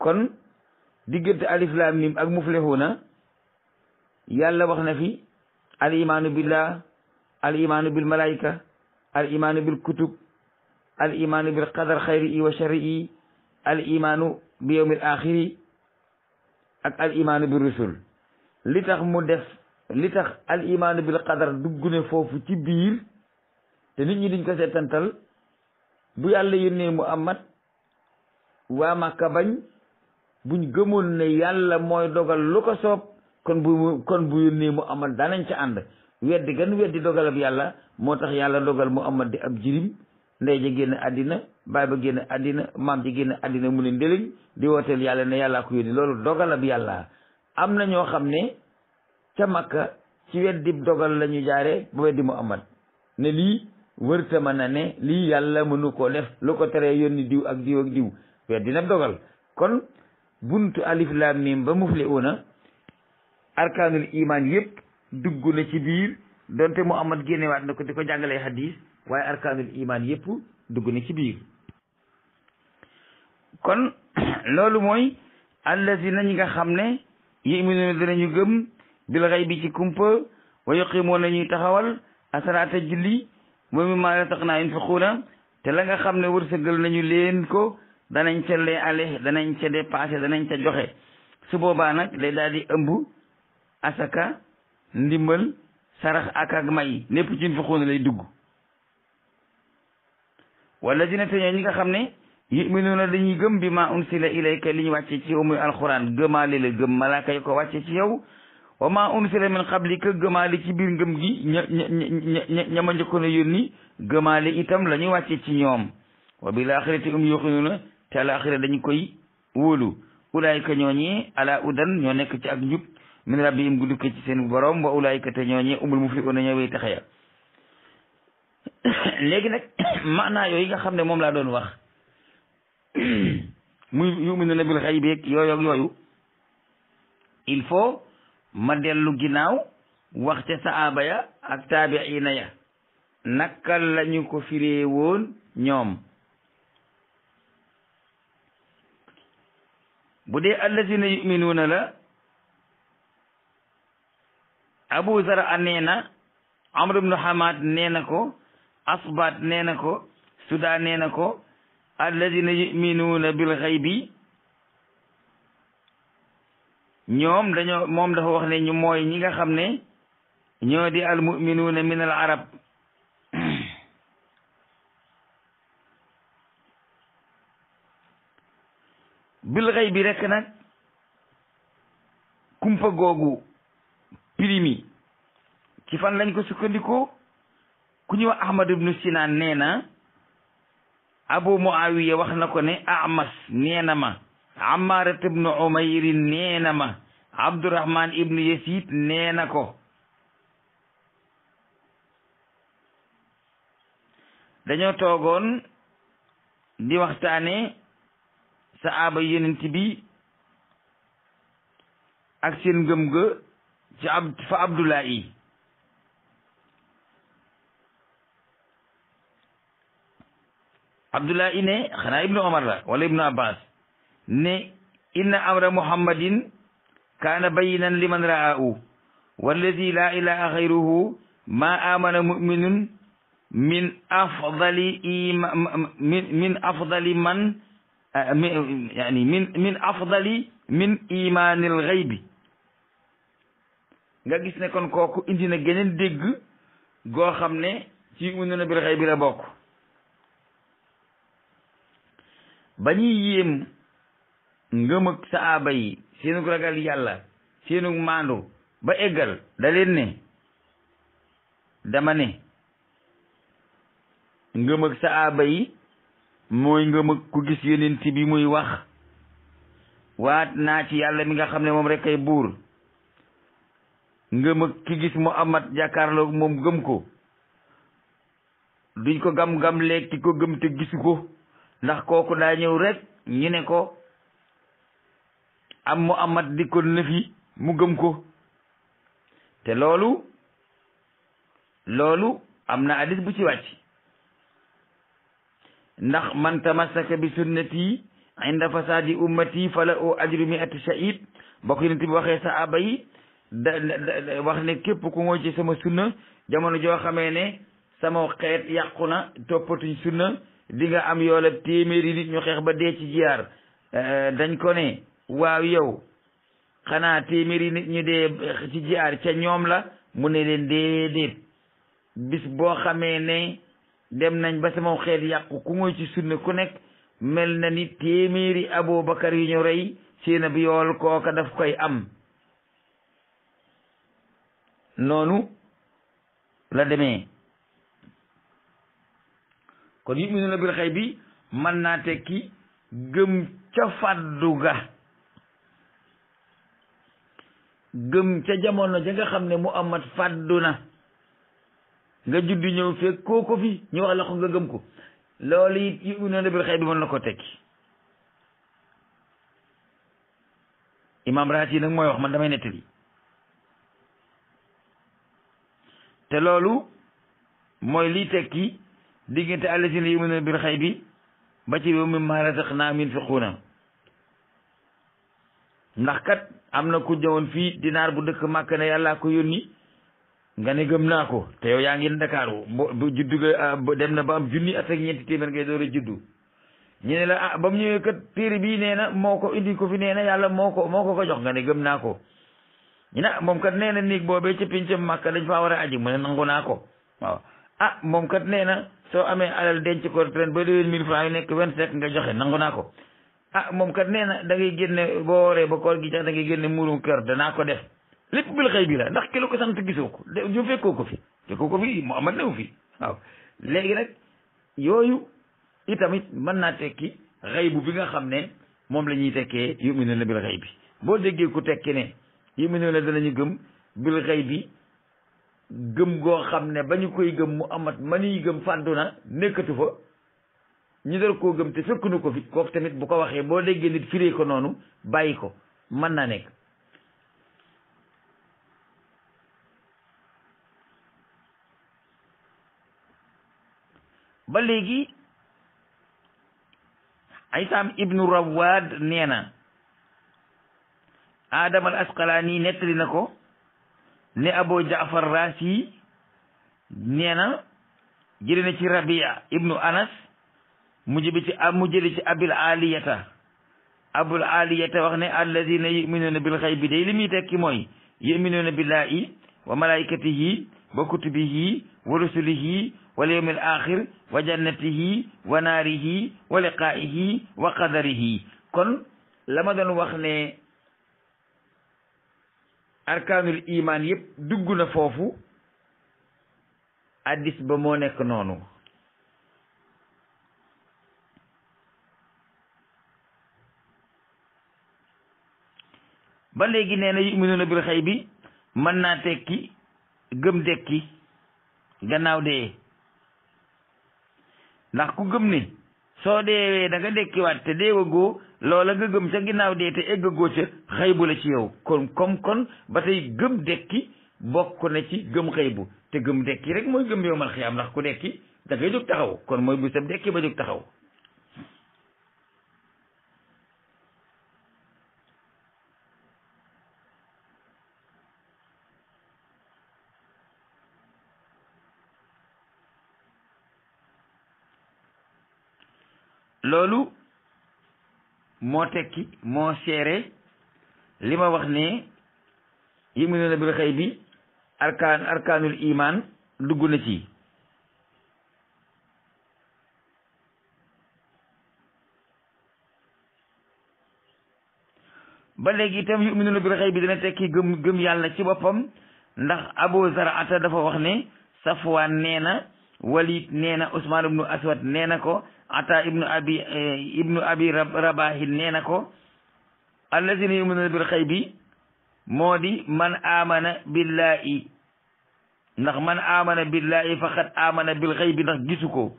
kon diggante alif laam mim ak muflixuuna yàlla wax na fi al imaanu billah al imaanu bil malaayika al imaanu bil kutub al imaanu bil qadar xayri wa sharri al imaanu bi yawmil axiri ak al imaanu bi rusul li tax mu def li tax al imaanu bil qadar dugg ne foofu ci biir te nit ñi duñ ko seetantal bu yàlla yónnee Muhammad waa Màkka bañ buñ gëmoon ne yàlla mooy dogal lu ko soob kon bu kon bu yónnee Muhammad danañ ca ànd weddi gan weddi dogalab yàlla moo tax yàlla dogal Muhammad di ab jirim ndey ja génn àddina baay ba génn àddina maam ji génn àddina mu ne ndëliñ di wooteel yàlla na yàllaa ko yónni loolu dogalab yàlla am na ñoo xam ne ca Makka ci weddi dogal la ñu jaare ba weddi Muhammad ne lii wërta na ne lii yàlla mënu koo def lu ko teree yónni diw ak diw ak diw weddi na dogal kon buntu alif laam miim ba mufli una arkaanul imaan yépp dugg na ci biir donte amat génnewaat na ko di ko jàngalee hadis waaye arkaanul iman yëpp dugg na ci biir kon [clears throat] loolu mooy allazina ñi nga xam ne yuminuuna dinañu gëm bil xay bi ci kumpa wa yuqimoon ñuy taxawal asalaata julli wa naa razaqnaa yunfiquuna te la nga xam ne wërsëgal nañu leen ko danañ ca leale danañ ca dépassé danañ ca joxe su boobaa nag day daal di ëmb asaka ndimbal sarax ak ak may lépp ci yunfiquuna lay dugg wala dina te ñi nga xam ne yuminuuna dañuy gëm bi ma unsila ilayka li ñu wàcce ci yow muy alxuraan gëmaale ko wàcce ci yow wa ma unsila min gëmaale ci biir ngëm gi ña ña ña ma njëkkoon a yónni gëmaale itam la ñuy wàcce ci ñoom wa bil axirati hum yuqinuuna te al dañu koy wóolu ulaayka ñooñee ala udan ñoo nekk ci ak njub min rabbihim gu dukke ci seen borom wa ulaayika te ñooñe umul muflihuna ñoo way taxe ya léegi nag [coughs] maanaa yooyu nga xam ne moom laa doon wax [coughs] muy yuminuna bil xayb yeeg yooyu ak yooyu il faut ma dellu ginnaaw wax ca saaba ya ak taabiina ya naka lañu ko firee woon ñoom bu dee allazina yuminuuna la abu zara nee na amr ibnu hamad nee na ko asbat nee na ko suda na ko alladina yuminuuna bil xaybi ñoom dañoo moom dafa wax ne ñu mooy ñi nga xam ne ñoo di al muminuuna min al arab bil xaybi rekk nag kumpa googu prix ci fan lañ ko sukkandikoo ku ñuy wax Ahmad ibnu Sinaan nee na Abu Muawiya wax na ko ne Amas nee na ma ma Abdurahman ibnu Yasid nee na ko dañoo toogoon di waxtaane saaba yonent bi ak seen ngëm ga ci ab fa Abdoulaye Abdoulaye ne xanaa ibnu Omar la wala ibnu Abbas ne inna amra muhammadin kaana bayinan liman ra'ahu walladi laa ilaha xayruhu ma amana muminun min afdali ima min min afdali man yani min min afdali min imanil xaybi nga gis ne kon kooku indi na geneen dégg goo xam ne ci mu na bil xëy bi la bokk ba ñuy yéem ngëm ak saaba yi seenug ragal yàlla seenug maandu ba eggal da leen ne dama ne ngëm ak saaba yi mooy ngëm ak ku gis yonent bi muy wax waat naa ci yàlla mi nga xam ne moom rek ay buur ngëm ak ki gis Muhammad jàkkaarloog moom gëm ko duñ ko gam-gam leeg ki ko gëm te gisu ko ndax kooku daa ñëw rek ñu ne ko am Muhammad di ko nëfi mu gëm ko te loolu loolu am na hadis bu ci wàcc ndax man tamassaka bi sunnati a fasadi ummati fala o ajru mi ati shahid bokk yonent bi waxee sahaaba yi da wax ne képp ku ngoo ci sama sunna jamono joo xamee ne sama xeet yàqu na toppatuñ sunna di nga am yoola téeméeri nit ñu xeex ba dee ci jiyaar eh, eh, dañ ko ne waaw yow xanaa téeméeri nit ñu dee ci jiyaar ca ñoom la mu ne leen déedéet bis boo xamee ne dem nañ ba sama xeet yàqu ku ngoo ci sunna ku nekk mel na ni téeméeri abubakar yu ñu rey seen ab yool kooka daf koy am noonu la demee kon yuminuna bil xay bi man naa tekki gëm ca fàddu ga gëm ca jamono ja nga xam ne Muhammad fàddu na nga juddi ñëw fekk koo ko fi ñu wax la ko nga gëm ko loolu it yuminuna bil xay bi mën na ko tekki imaam raat yi nag mooy wax man damay nettali te loolu mooy liy tekki diggante allazina yu'minuna bil xaybi ba ci wa mimma razaqnaahum yunfiquuna ndax kat am na ku ñëwoon fii dinaar bu dëkk màkk na yàlla ko yónni nga ne gëm naa ko te yaa ngi Ndakaaru bu juddu ah, dem na ba am junni at ak ñeenti téeméer ngay door a juddu ñu ne la ah ba mu ñëwee kat téere bii nee na moo ko indi ko fi nee na yàlla moo ko moo ko ko jox nga ne gëm naa ko ñu ne ah, moom kat nee na néeg boobee ca pincam màkka dañ faa war a aji mu ne nangu naa ko waaw a ah, moom kat nee na soo amee alal denc ko ren ba déwén mille francs yu nekk vingt cinq nga joxe nangu naa ko a ah, moom kat nee na da ngay génne boo waree ba koor gi tax da ngay génne muurum kër danaa ko def lépp bil xëy bi la ndax ki ko sant gisoo ko du fekkoo ko fi fekkoo ko fi mu amat new fi waaw léegi nag yooyu itamit mën naa tekki xëy bu bi nga xam ne moom la ñuy tekkee yuminuna bil xëy bi boo déggee ku tekki ne yéemu ne danañu gëm bil xëy bi gëm goo xam ne ba ñu koy gëm mu amat ma ñuy gëm fàddu na nekkatu fa ñu dal koo gëm te fekk nu ko fi kooku tamit bu ko waxee boo déggee nit firee ko noonu bàyyi ko mën na nekk ba léegi Aysaam ibnu Rawaad nee na Adam al Asqalaani nettali na ko ne Abu Jaafar Raasi nee na ci Rabia ibnu Anas mu ci mu jëli ci Abil Aliyata Abul Aliyata wax ne alladina yuminuuna bil xaybi day li muy tekki mooy yuminuuna billaahi wa malaikatihi wa kutubihi wa rusulihi wal yawmil axir wa jannatihi wa naarihi wa liqaa'ihi wa qadarihi kon la doon wax ne. arkaanul imaan yëpp dugg na foofu addis ba moo nekk noonu ba léegi nee na yuminuuna bil xëy bi mën naa tekki gëm dekki gannaaw dee ndax ku gëm ni soo deewee danga nga dekkiwaat te déewagoo loola nga gëm ca ginnaaw dee te eggagoo ca bu la ci yow kon comme kon ba tey gëm dekki bokk na ci gëm xëybu te gëm dekki rek mooy gëm yow mal xiyaam ndax ku dekki da ngay jóg taxaw kon mooy bu sab dekki ba jóg taxaw loolu moo tekki moo seere li ma wax ne yuminuuna bil bi arkaan arkaanul imaan dugg na ci ba léegi itam yuminuuna bil xaybi dina tekki gëm gëm yàlla ci boppam ndax abu zaraata dafa wax ne safwaan nee na walid nee na usmaan ibnu nee na ko ata ibnu abi eh, ibnu abi rabahin nee na ko allazina yuminuna bil xay bi moo di man amana billahi ndax man amana billahi faqad amana bil xay bi ndax gisu ko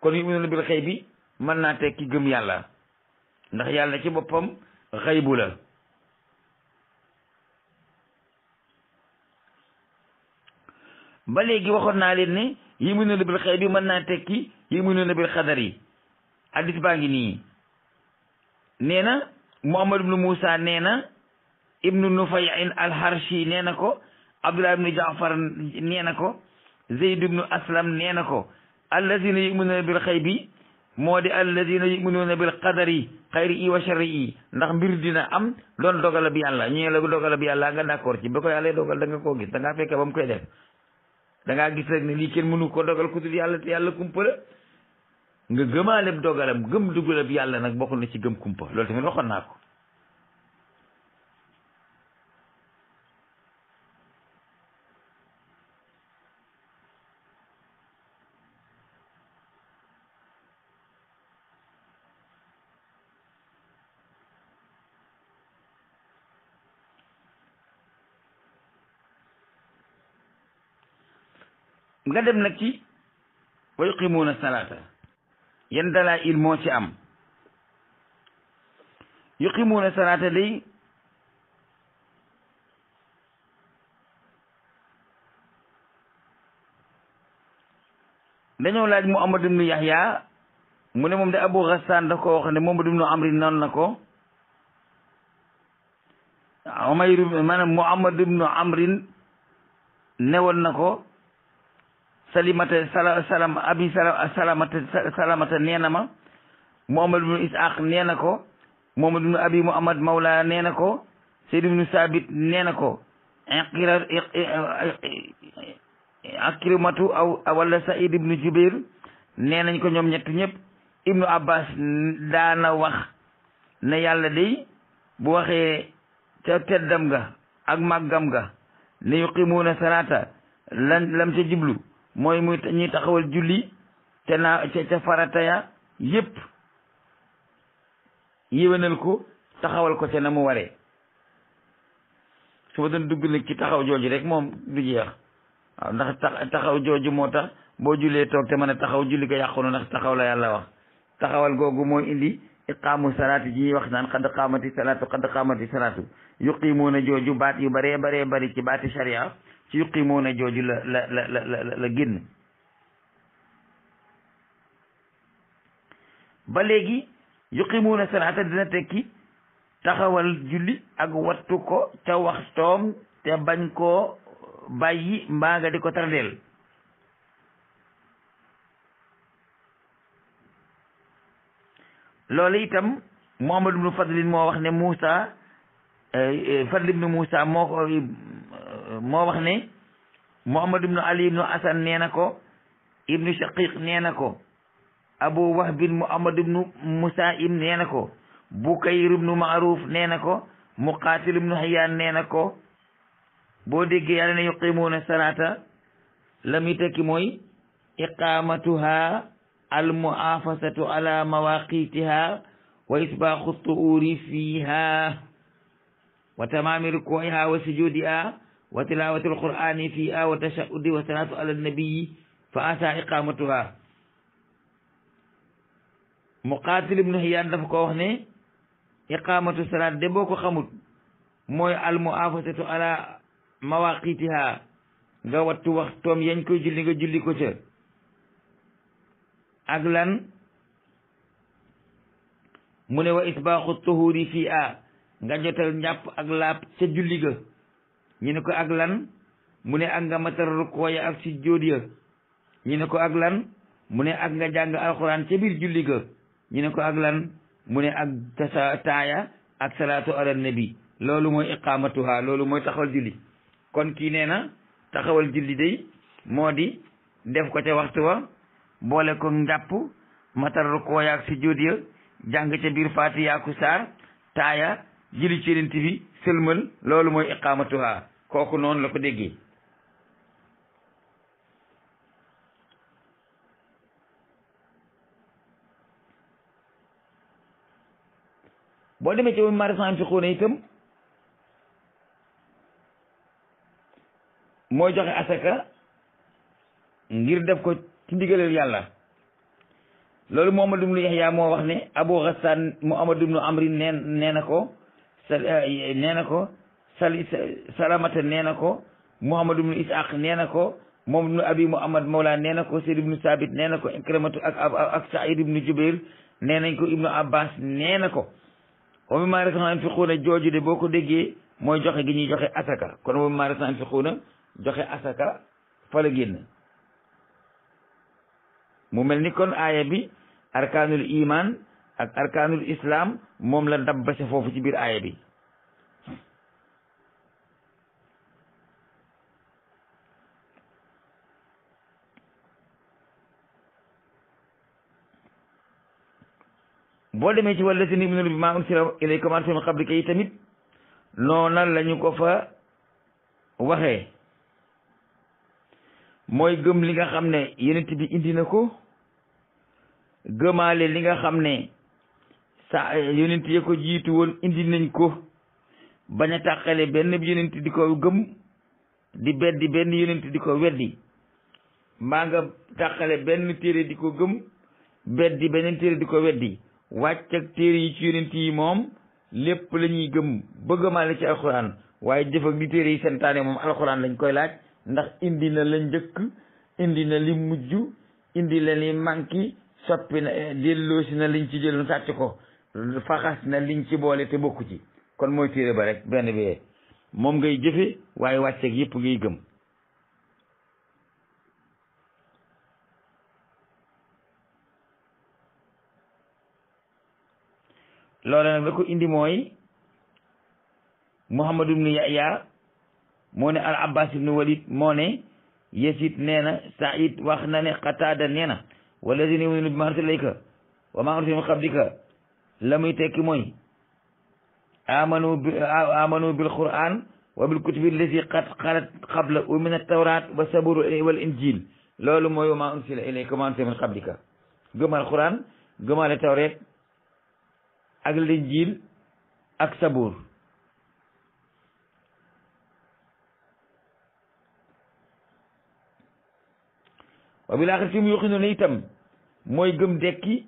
kon yuminuna bil xay bi mën naa tekki gëm yàlla ndax yàlla ci boppam xaybu la ba léegi waxoon naa leen ne yuminuna bil xay bi mën naa tekki yuminuna bil xadar yi addis baa ngi nii nee na muhammad ibnu moussa nee na ibnu nufayin alharshi nee na ko abdullah ibnu jaafar nee na ko zeyd ibnu aslam nee na ko allazina yuminuuna bil bi moo di allazina yuminuuna bil qadari xayri i wa sharri i ndax mbir dina am doon dogala bi yàlla ñu la dogala bi yàlla nga d'accord ci ba ko yàlla dogal da nga koo gis da fekk ba mu koy def da gis rek ne lii kenn mënu ko dogal ku yàlla te yàlla kumpala nga gëmaaleb dogalam gëm dugalab yàlla nag bokk na ci gëm kumpa loolu tamit nga dem nag ci wa yuqimuuna salaata yan dalaa il moo ci am yuqimuuna salaata day dañoo laaj Muhammad ibnu Yahya mu ne moom de Abu Ghassan da ko wax ne Muhammad ibnu Amri noon na ko Umayr maanaam Muhammad ibnu Amrin newoon na ko salimata sala salam abi sala salamata salamata nee na ma muhammad ibnu isaaq nee na ko muhammad ibnu abi muhammad mawla nee na ko seyd ibnu sabit nee na ko aqira akrimatu aw wala said ibnu jubair nee nañ ko ñoom ñett ñëpp ibnu abbas daana wax ne yàlla day bu waxee ca teddam ga ak màggam ga ne yuqimuuna salaata lam ca jiblu mooy muy ñuy taxawal julli te naa ca farata ya yépp yéwénal ko taxawal ko ca na mu waree su ma doon dugg nag ci taxaw jooju rek moom du jeex waaw ndax taxaw jooju moo tax boo jullee toog te mën a taxaw julli ko yàqunu ndax taxaw la yàlla wax taxawal googu moo indi iqaamu salaati ji ñuy wax naan xadd qaamati salaatu xadd qaamati salaatu yuqimuuna jooju baat yu baree baree bari ci baati sharia ci yuqimuuna jooju la la la la génn ba léegi yuqimuuna salaata dina tekki taxawal julli ak wattu ko ca waxtoom te bañ koo bàyyi mbaa nga di ko tardeel loolu itam Muhammad ibnu Fadlin moo wax ne Moussa eh, eh, Fadl ibnu Moussa moo ko moo wax ne muhammad ibnu ali ibnu asan nee na ko ibnu shaqiq nee ko abu wahbin muhammad ibnu musaim nee na ko bukayr ibnu maaruf nee na ko muqatil ibnu hayaan nee ko boo déggee yàlla ne yuqimuuna salaata la muy tekki mooy iqamatuha almuhafasatu ala mawaqitiha wa isbaaxu tuuri fiiha wa tamaami rukuiha wa sujudiha wa tilawati alqur'ani fi a wa tashahudi wa salatu ala nabiyi fa asa muqatil ibnu hiyan dafa ko wax ne iqamatu salat de boo ko xamut mooy al muafasatu ala mawaqitiha nga wattu waxtoom yañ koy julli nga julli ko ca ak lan mu ne wa isbaaxu tuhuri fi a nga jotal njàpp ak laab ca julli ga ñu ne ko ak lan mu ne ak nga matal rukkoo ak si jóot ñu ne ko ak lan mu ne ak nga jàng alxuraan ca biir julli ga ñu ne ko ak lan mu ne ak tasa taaya ak salaatu ala nabi loolu mooy iqaamatuha loolu mooy taxawal julli kon kii nee na taxawal julli day moo di def ko ca waxtu wa boole ko njàpp matal rukkoo ak si jóot ya jàng ca biir faatiya ku saar taaya julli ci yonent bi sëlmal loolu mooy iqaamatuha kooku noonu la ko déggee boo demee ci moom maraîchage am si xóone itam mooy joxe asaka ngir def ko ci ndigalal yàlla loolu Muhammad ibnu Yahya moo wax ne Abu Ghassan Muhammad ibnu Amri nee nee na ko eh, nee na ko sali salamata nee na ko muhammad ibnu ishaq nee na ko moom ibnu abi muhammad mawla nee na ko sayd ibnu sabit nee na ko ikrimatu ak ak said ibnu jubair nee nañ ko ibnu abbas nee na ko wa mimmaa razaqnahum yunfiquuna jooju de boo ko déggee mooy joxe gi ñuy joxe asaka kon wa mimmaa razaqnahum joxe asaka fa la génn mu mel ni kon aaya bi arkaanul iman ak arkaanul islam moom la dabbase foofu ci biir aaya bi boo demee ci wàllu si ni mu ne bi maa unsila ilaykum min qablika yi tamit noona lañu ko fa waxee mooy gëm li nga xam ne yonent bi indi na ko gëmaale li nga xam ne sa yonent ya ko jiitu woon indi nañ ko bañ a tàqale benn yonent di ko gëm di beddi benn yonent di ko weddi mbaa nga tàqale benn téere di ko gëm beddi beneen téere di ko weddi wàcc ak téere yi ci yonent yi moom lépp lañuy ñuy gëm bëgg maale ci alxuraan waaye jëf ak li téere yi sentaane moom alxuraan lañ koy laaj ndax indi na lañ njëkk indi na li mujj indi la li manqué soppi na eh, delloosi na liñ ci jëloon sàcc ko faxas na liñ ci boole te bokku ci kon mooy téere ba rek benn bee moom ngay jëfe waaye wàcceeg yépp ngay gëm loole nag la ko indi mooy muhammad ibnu yahya moo ne al abbas ibnu walid moo ne yesit nee na said wax na ne qatada nee na wala dina yuminu bi ma arsalayka wa ma arsil min la muy tekki mooy amanu bi amanu bil quran wa bil kutubi allati qad xalat qabla min at-tawrat wa sabur wal injil loolu mooy wa ma unsila ilayka wa ma unsila min qablika gëmal quran gëmale tawret ak linjiil ak sabuur wa bil aaxirati mu yuqinu itam mooy gëm dekki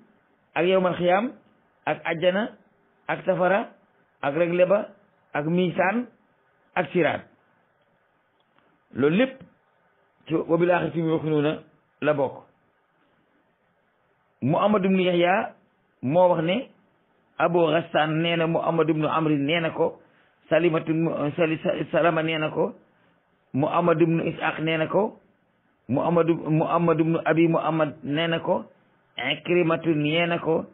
ak yowmal xiyaam ak ajjana ak safara ak regle ba ak miisaan ak siraat loolu lépp ci wa bil aaxirati mu yuqinu na la bokk Muhammad ibnu Yaxya moo wax ne abu ghassan nee na muhammad ibnu amrin nee na ko salimatu sali salama nee na ko muhammad ibnu ishaq nee na ko muhammad muhammad ibnu abi muhammad nee na ko ikrimatu nee na ko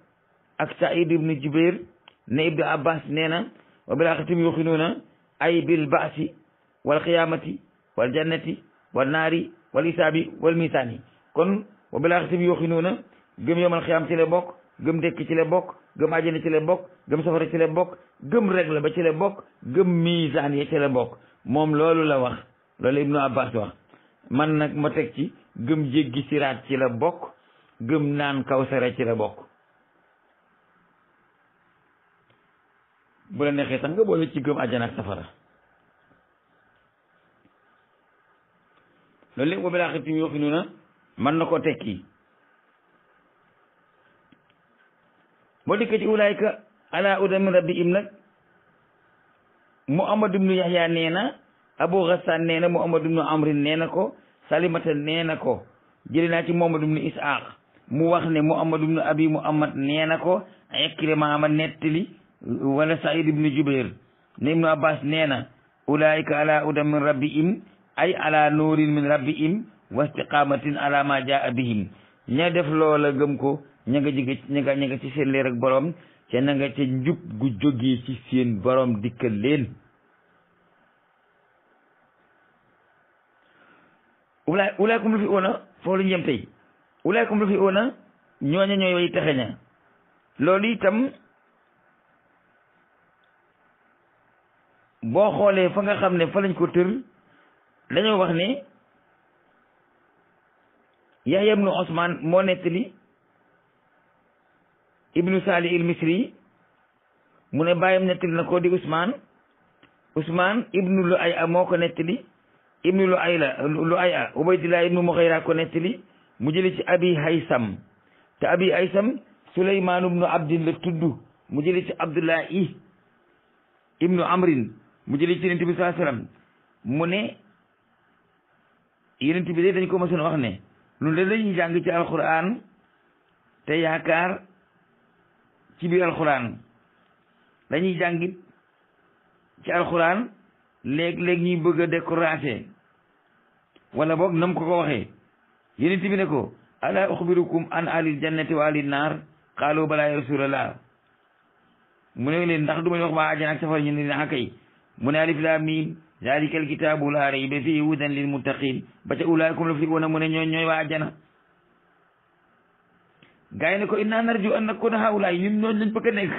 ak said ibnu jubair ne ibnu abbas nee na wa bil axiratim yuqinuuna ay bil baasi wal qiyamati wal jannati wal naari wal isaabi wal misaani kon wa bil axiratim yuqinuuna gëm yowmal xiyaam ci la bokk gëm dekk ci la bokk gëm àjjana ci leen bokk gëm safara ci leen bokk gëm règle ba ci leen bokk gëm misaan ya ci leen bokk moom loolu la wax loolu ibnu abbas wax man nag ma teg ci gëm jéggi siraat ci la bokk gëm naan kawsara ci la bokk bu la neexee sax nga boole ci gëm àjjana ak safara loolu lépp boobu laa xam ne yow fi ñu na mën na koo boo dikkee ci ulaayka ala udan min rabbihim nag muhammad ibnu yahya nee na abu ghassan nee na muhammad amrin nee ko salimata nee na ko jëlee naa ci muhammad ibnu isaaq mu wax ne muhammad ibnu abi muhammad nee na ko ikrima ma nettali wala said ibnu jubair ne ibnu abbas nee na ulaayka ala udan min rabbihim ay ala nuurin min rabbihim wa istiqamatin ala ma jaa bihim ña def loola gëm ko ña nga jóge ña nga ña nga ci seen leer ak borom ca na nga ca njub gu jógee ci seen borom dikkal leen ulaay ulaakum lu fi oona foofu la ñu jëm tey ulaakum lu fi oona ñooña ñooy way texe ña loolu itam boo xoolee fa nga xam ne fa lañ ko tër dañoo wax ni Yahya ibnu Usmaan moo nettali ibnu saali il misri mu ne bàyyam nettali na ko di usmaan usmaan ibnu lu ay a moo ko nettali ibnu lu ay la lu ay a ubaydillah ibnu muxayra ko nettali mu jëli ci abi haysam te abi haysam suleymaan ibnu abdin la tudd mu jëli ci abdullahi ibnu amrin mu jëli ci yonent bi saa mu ne yonent dañ ko mësoon wax ne lu de dañuy jàng ci alquran te yaakaar ci biir alxuraan dañuy jàngit ci alxuraan léeg-léeg ñuy bëgg a décourager wala boog nam ko ko waxee yonent ne ko ala uxbirukum an alil jannati wa alil naar qaalu balaa ya mu ne leen ndax du ma wax ba àjjana ak safar ñu ne leen ah, kay mu ne alif laam miim zaalika alkitaabu laa rayba fiihi hudan lil muttaqiin ba ca ulaa'ikum la fi woon mu ne ñooy waa àjjana gaa yi ne ko inna narju an nakuna haawulaay ñun ñooñu lañ bëgg a nekk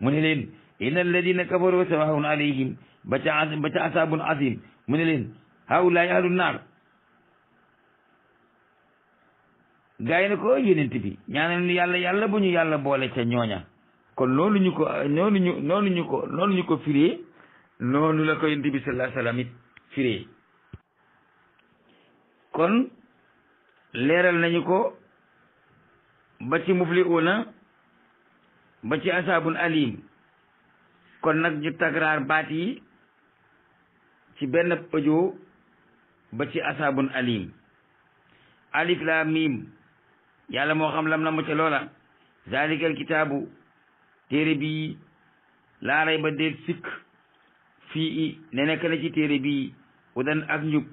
mu ne leen inna alladina kafaru sawaahun alayhim ba ca ba ca asaabun azim mu ne leen haawulaay ahlu naar gaa yi ne ko yonent bi ñaanal ñu yàlla yàlla bu ñu yàlla boole ca ñooña kon noonu ñu ko noonu ñu ko noonu noonu la ko yonent bi sallallahu alayhi wa sallam it firee kon leeral nañu ko ba ci mufliuna ba ci asaabun alim kon nag ñu takraar baat yi ci benn audio ba ci asaabun alim alif laam miim yàlla moo xam lam na mu loola zalikal kitaabu téere bii laa rayba déet sikk fii i ne nekk na ci téere bii udan ak njub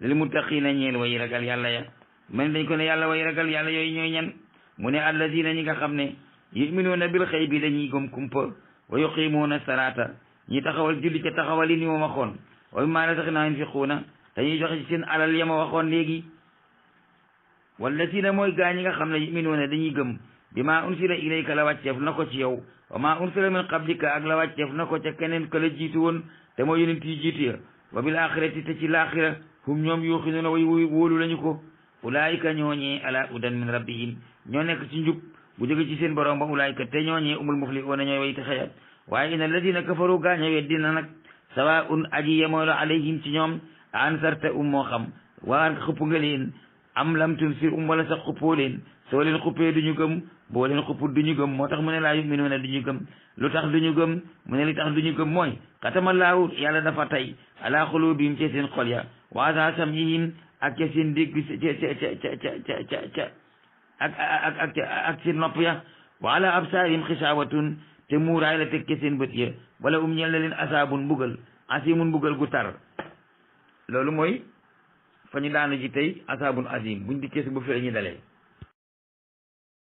lil muttaqiina ñeel way ragal yàlla ya man dañ ko ne yàlla way ragal yàlla yooyu ñooy ñan mu ne alladina ñi nga xam ne yuminuuna bil xëy bi dañuy gëm kumpa wa yuqimuuna salaata ñi taxawal julli ca taxawal yi ni ma waxoon wa mimmaa razaqnaahum yunfiquuna dañuy joxe ci seen alal ya ma waxoon léegi walladina mooy gaa ñi nga xam ne yuminuuna dañuy gëm bi maa unsila ilayka la wàcceef na ko ci yow wa maa unsila min qablika ak la wàcceef na ko ca keneen ka la jiitu woon te mooy yonent yi jiitu ya wa bil axirati te ci laaxira hum ñoom yuuxinuuna way wóolu ulaayika ñooñee ala udan min rabbihim ñoo nekk ci njub bu jóge ci seen borom ba ulaayika te ñooñee umul muflihuuna ñooy way texeyaat waaye ina alladina kafaru gaaña weddina nag sawaun aji la alayhim ci ñoom an sarta um moo xam waa xupp nga leen am lam tunsir um wala sax xuppoo leen soo leen xuppee duñu gëm boo leen xupput duñu gëm moo tax mu ne laa yuminuuna duñu gëm lu tax duñu gëm mu ne li tax duñu gëm mooy xatama laahu yàlla dafa tey ala xulubihim ci seen xol ya ak ca seen digg ca ca ca ak ak ak seen nopp ya wa ala absaarihim xishaawatun te muuraay la teg ca bët ya wala um ñeel na leen asaabun mbugal asimun mbugal gu tar loolu mooy fa ñu daanu ji tey asaabun asim buñ dikkee si bu fi la ñu dalee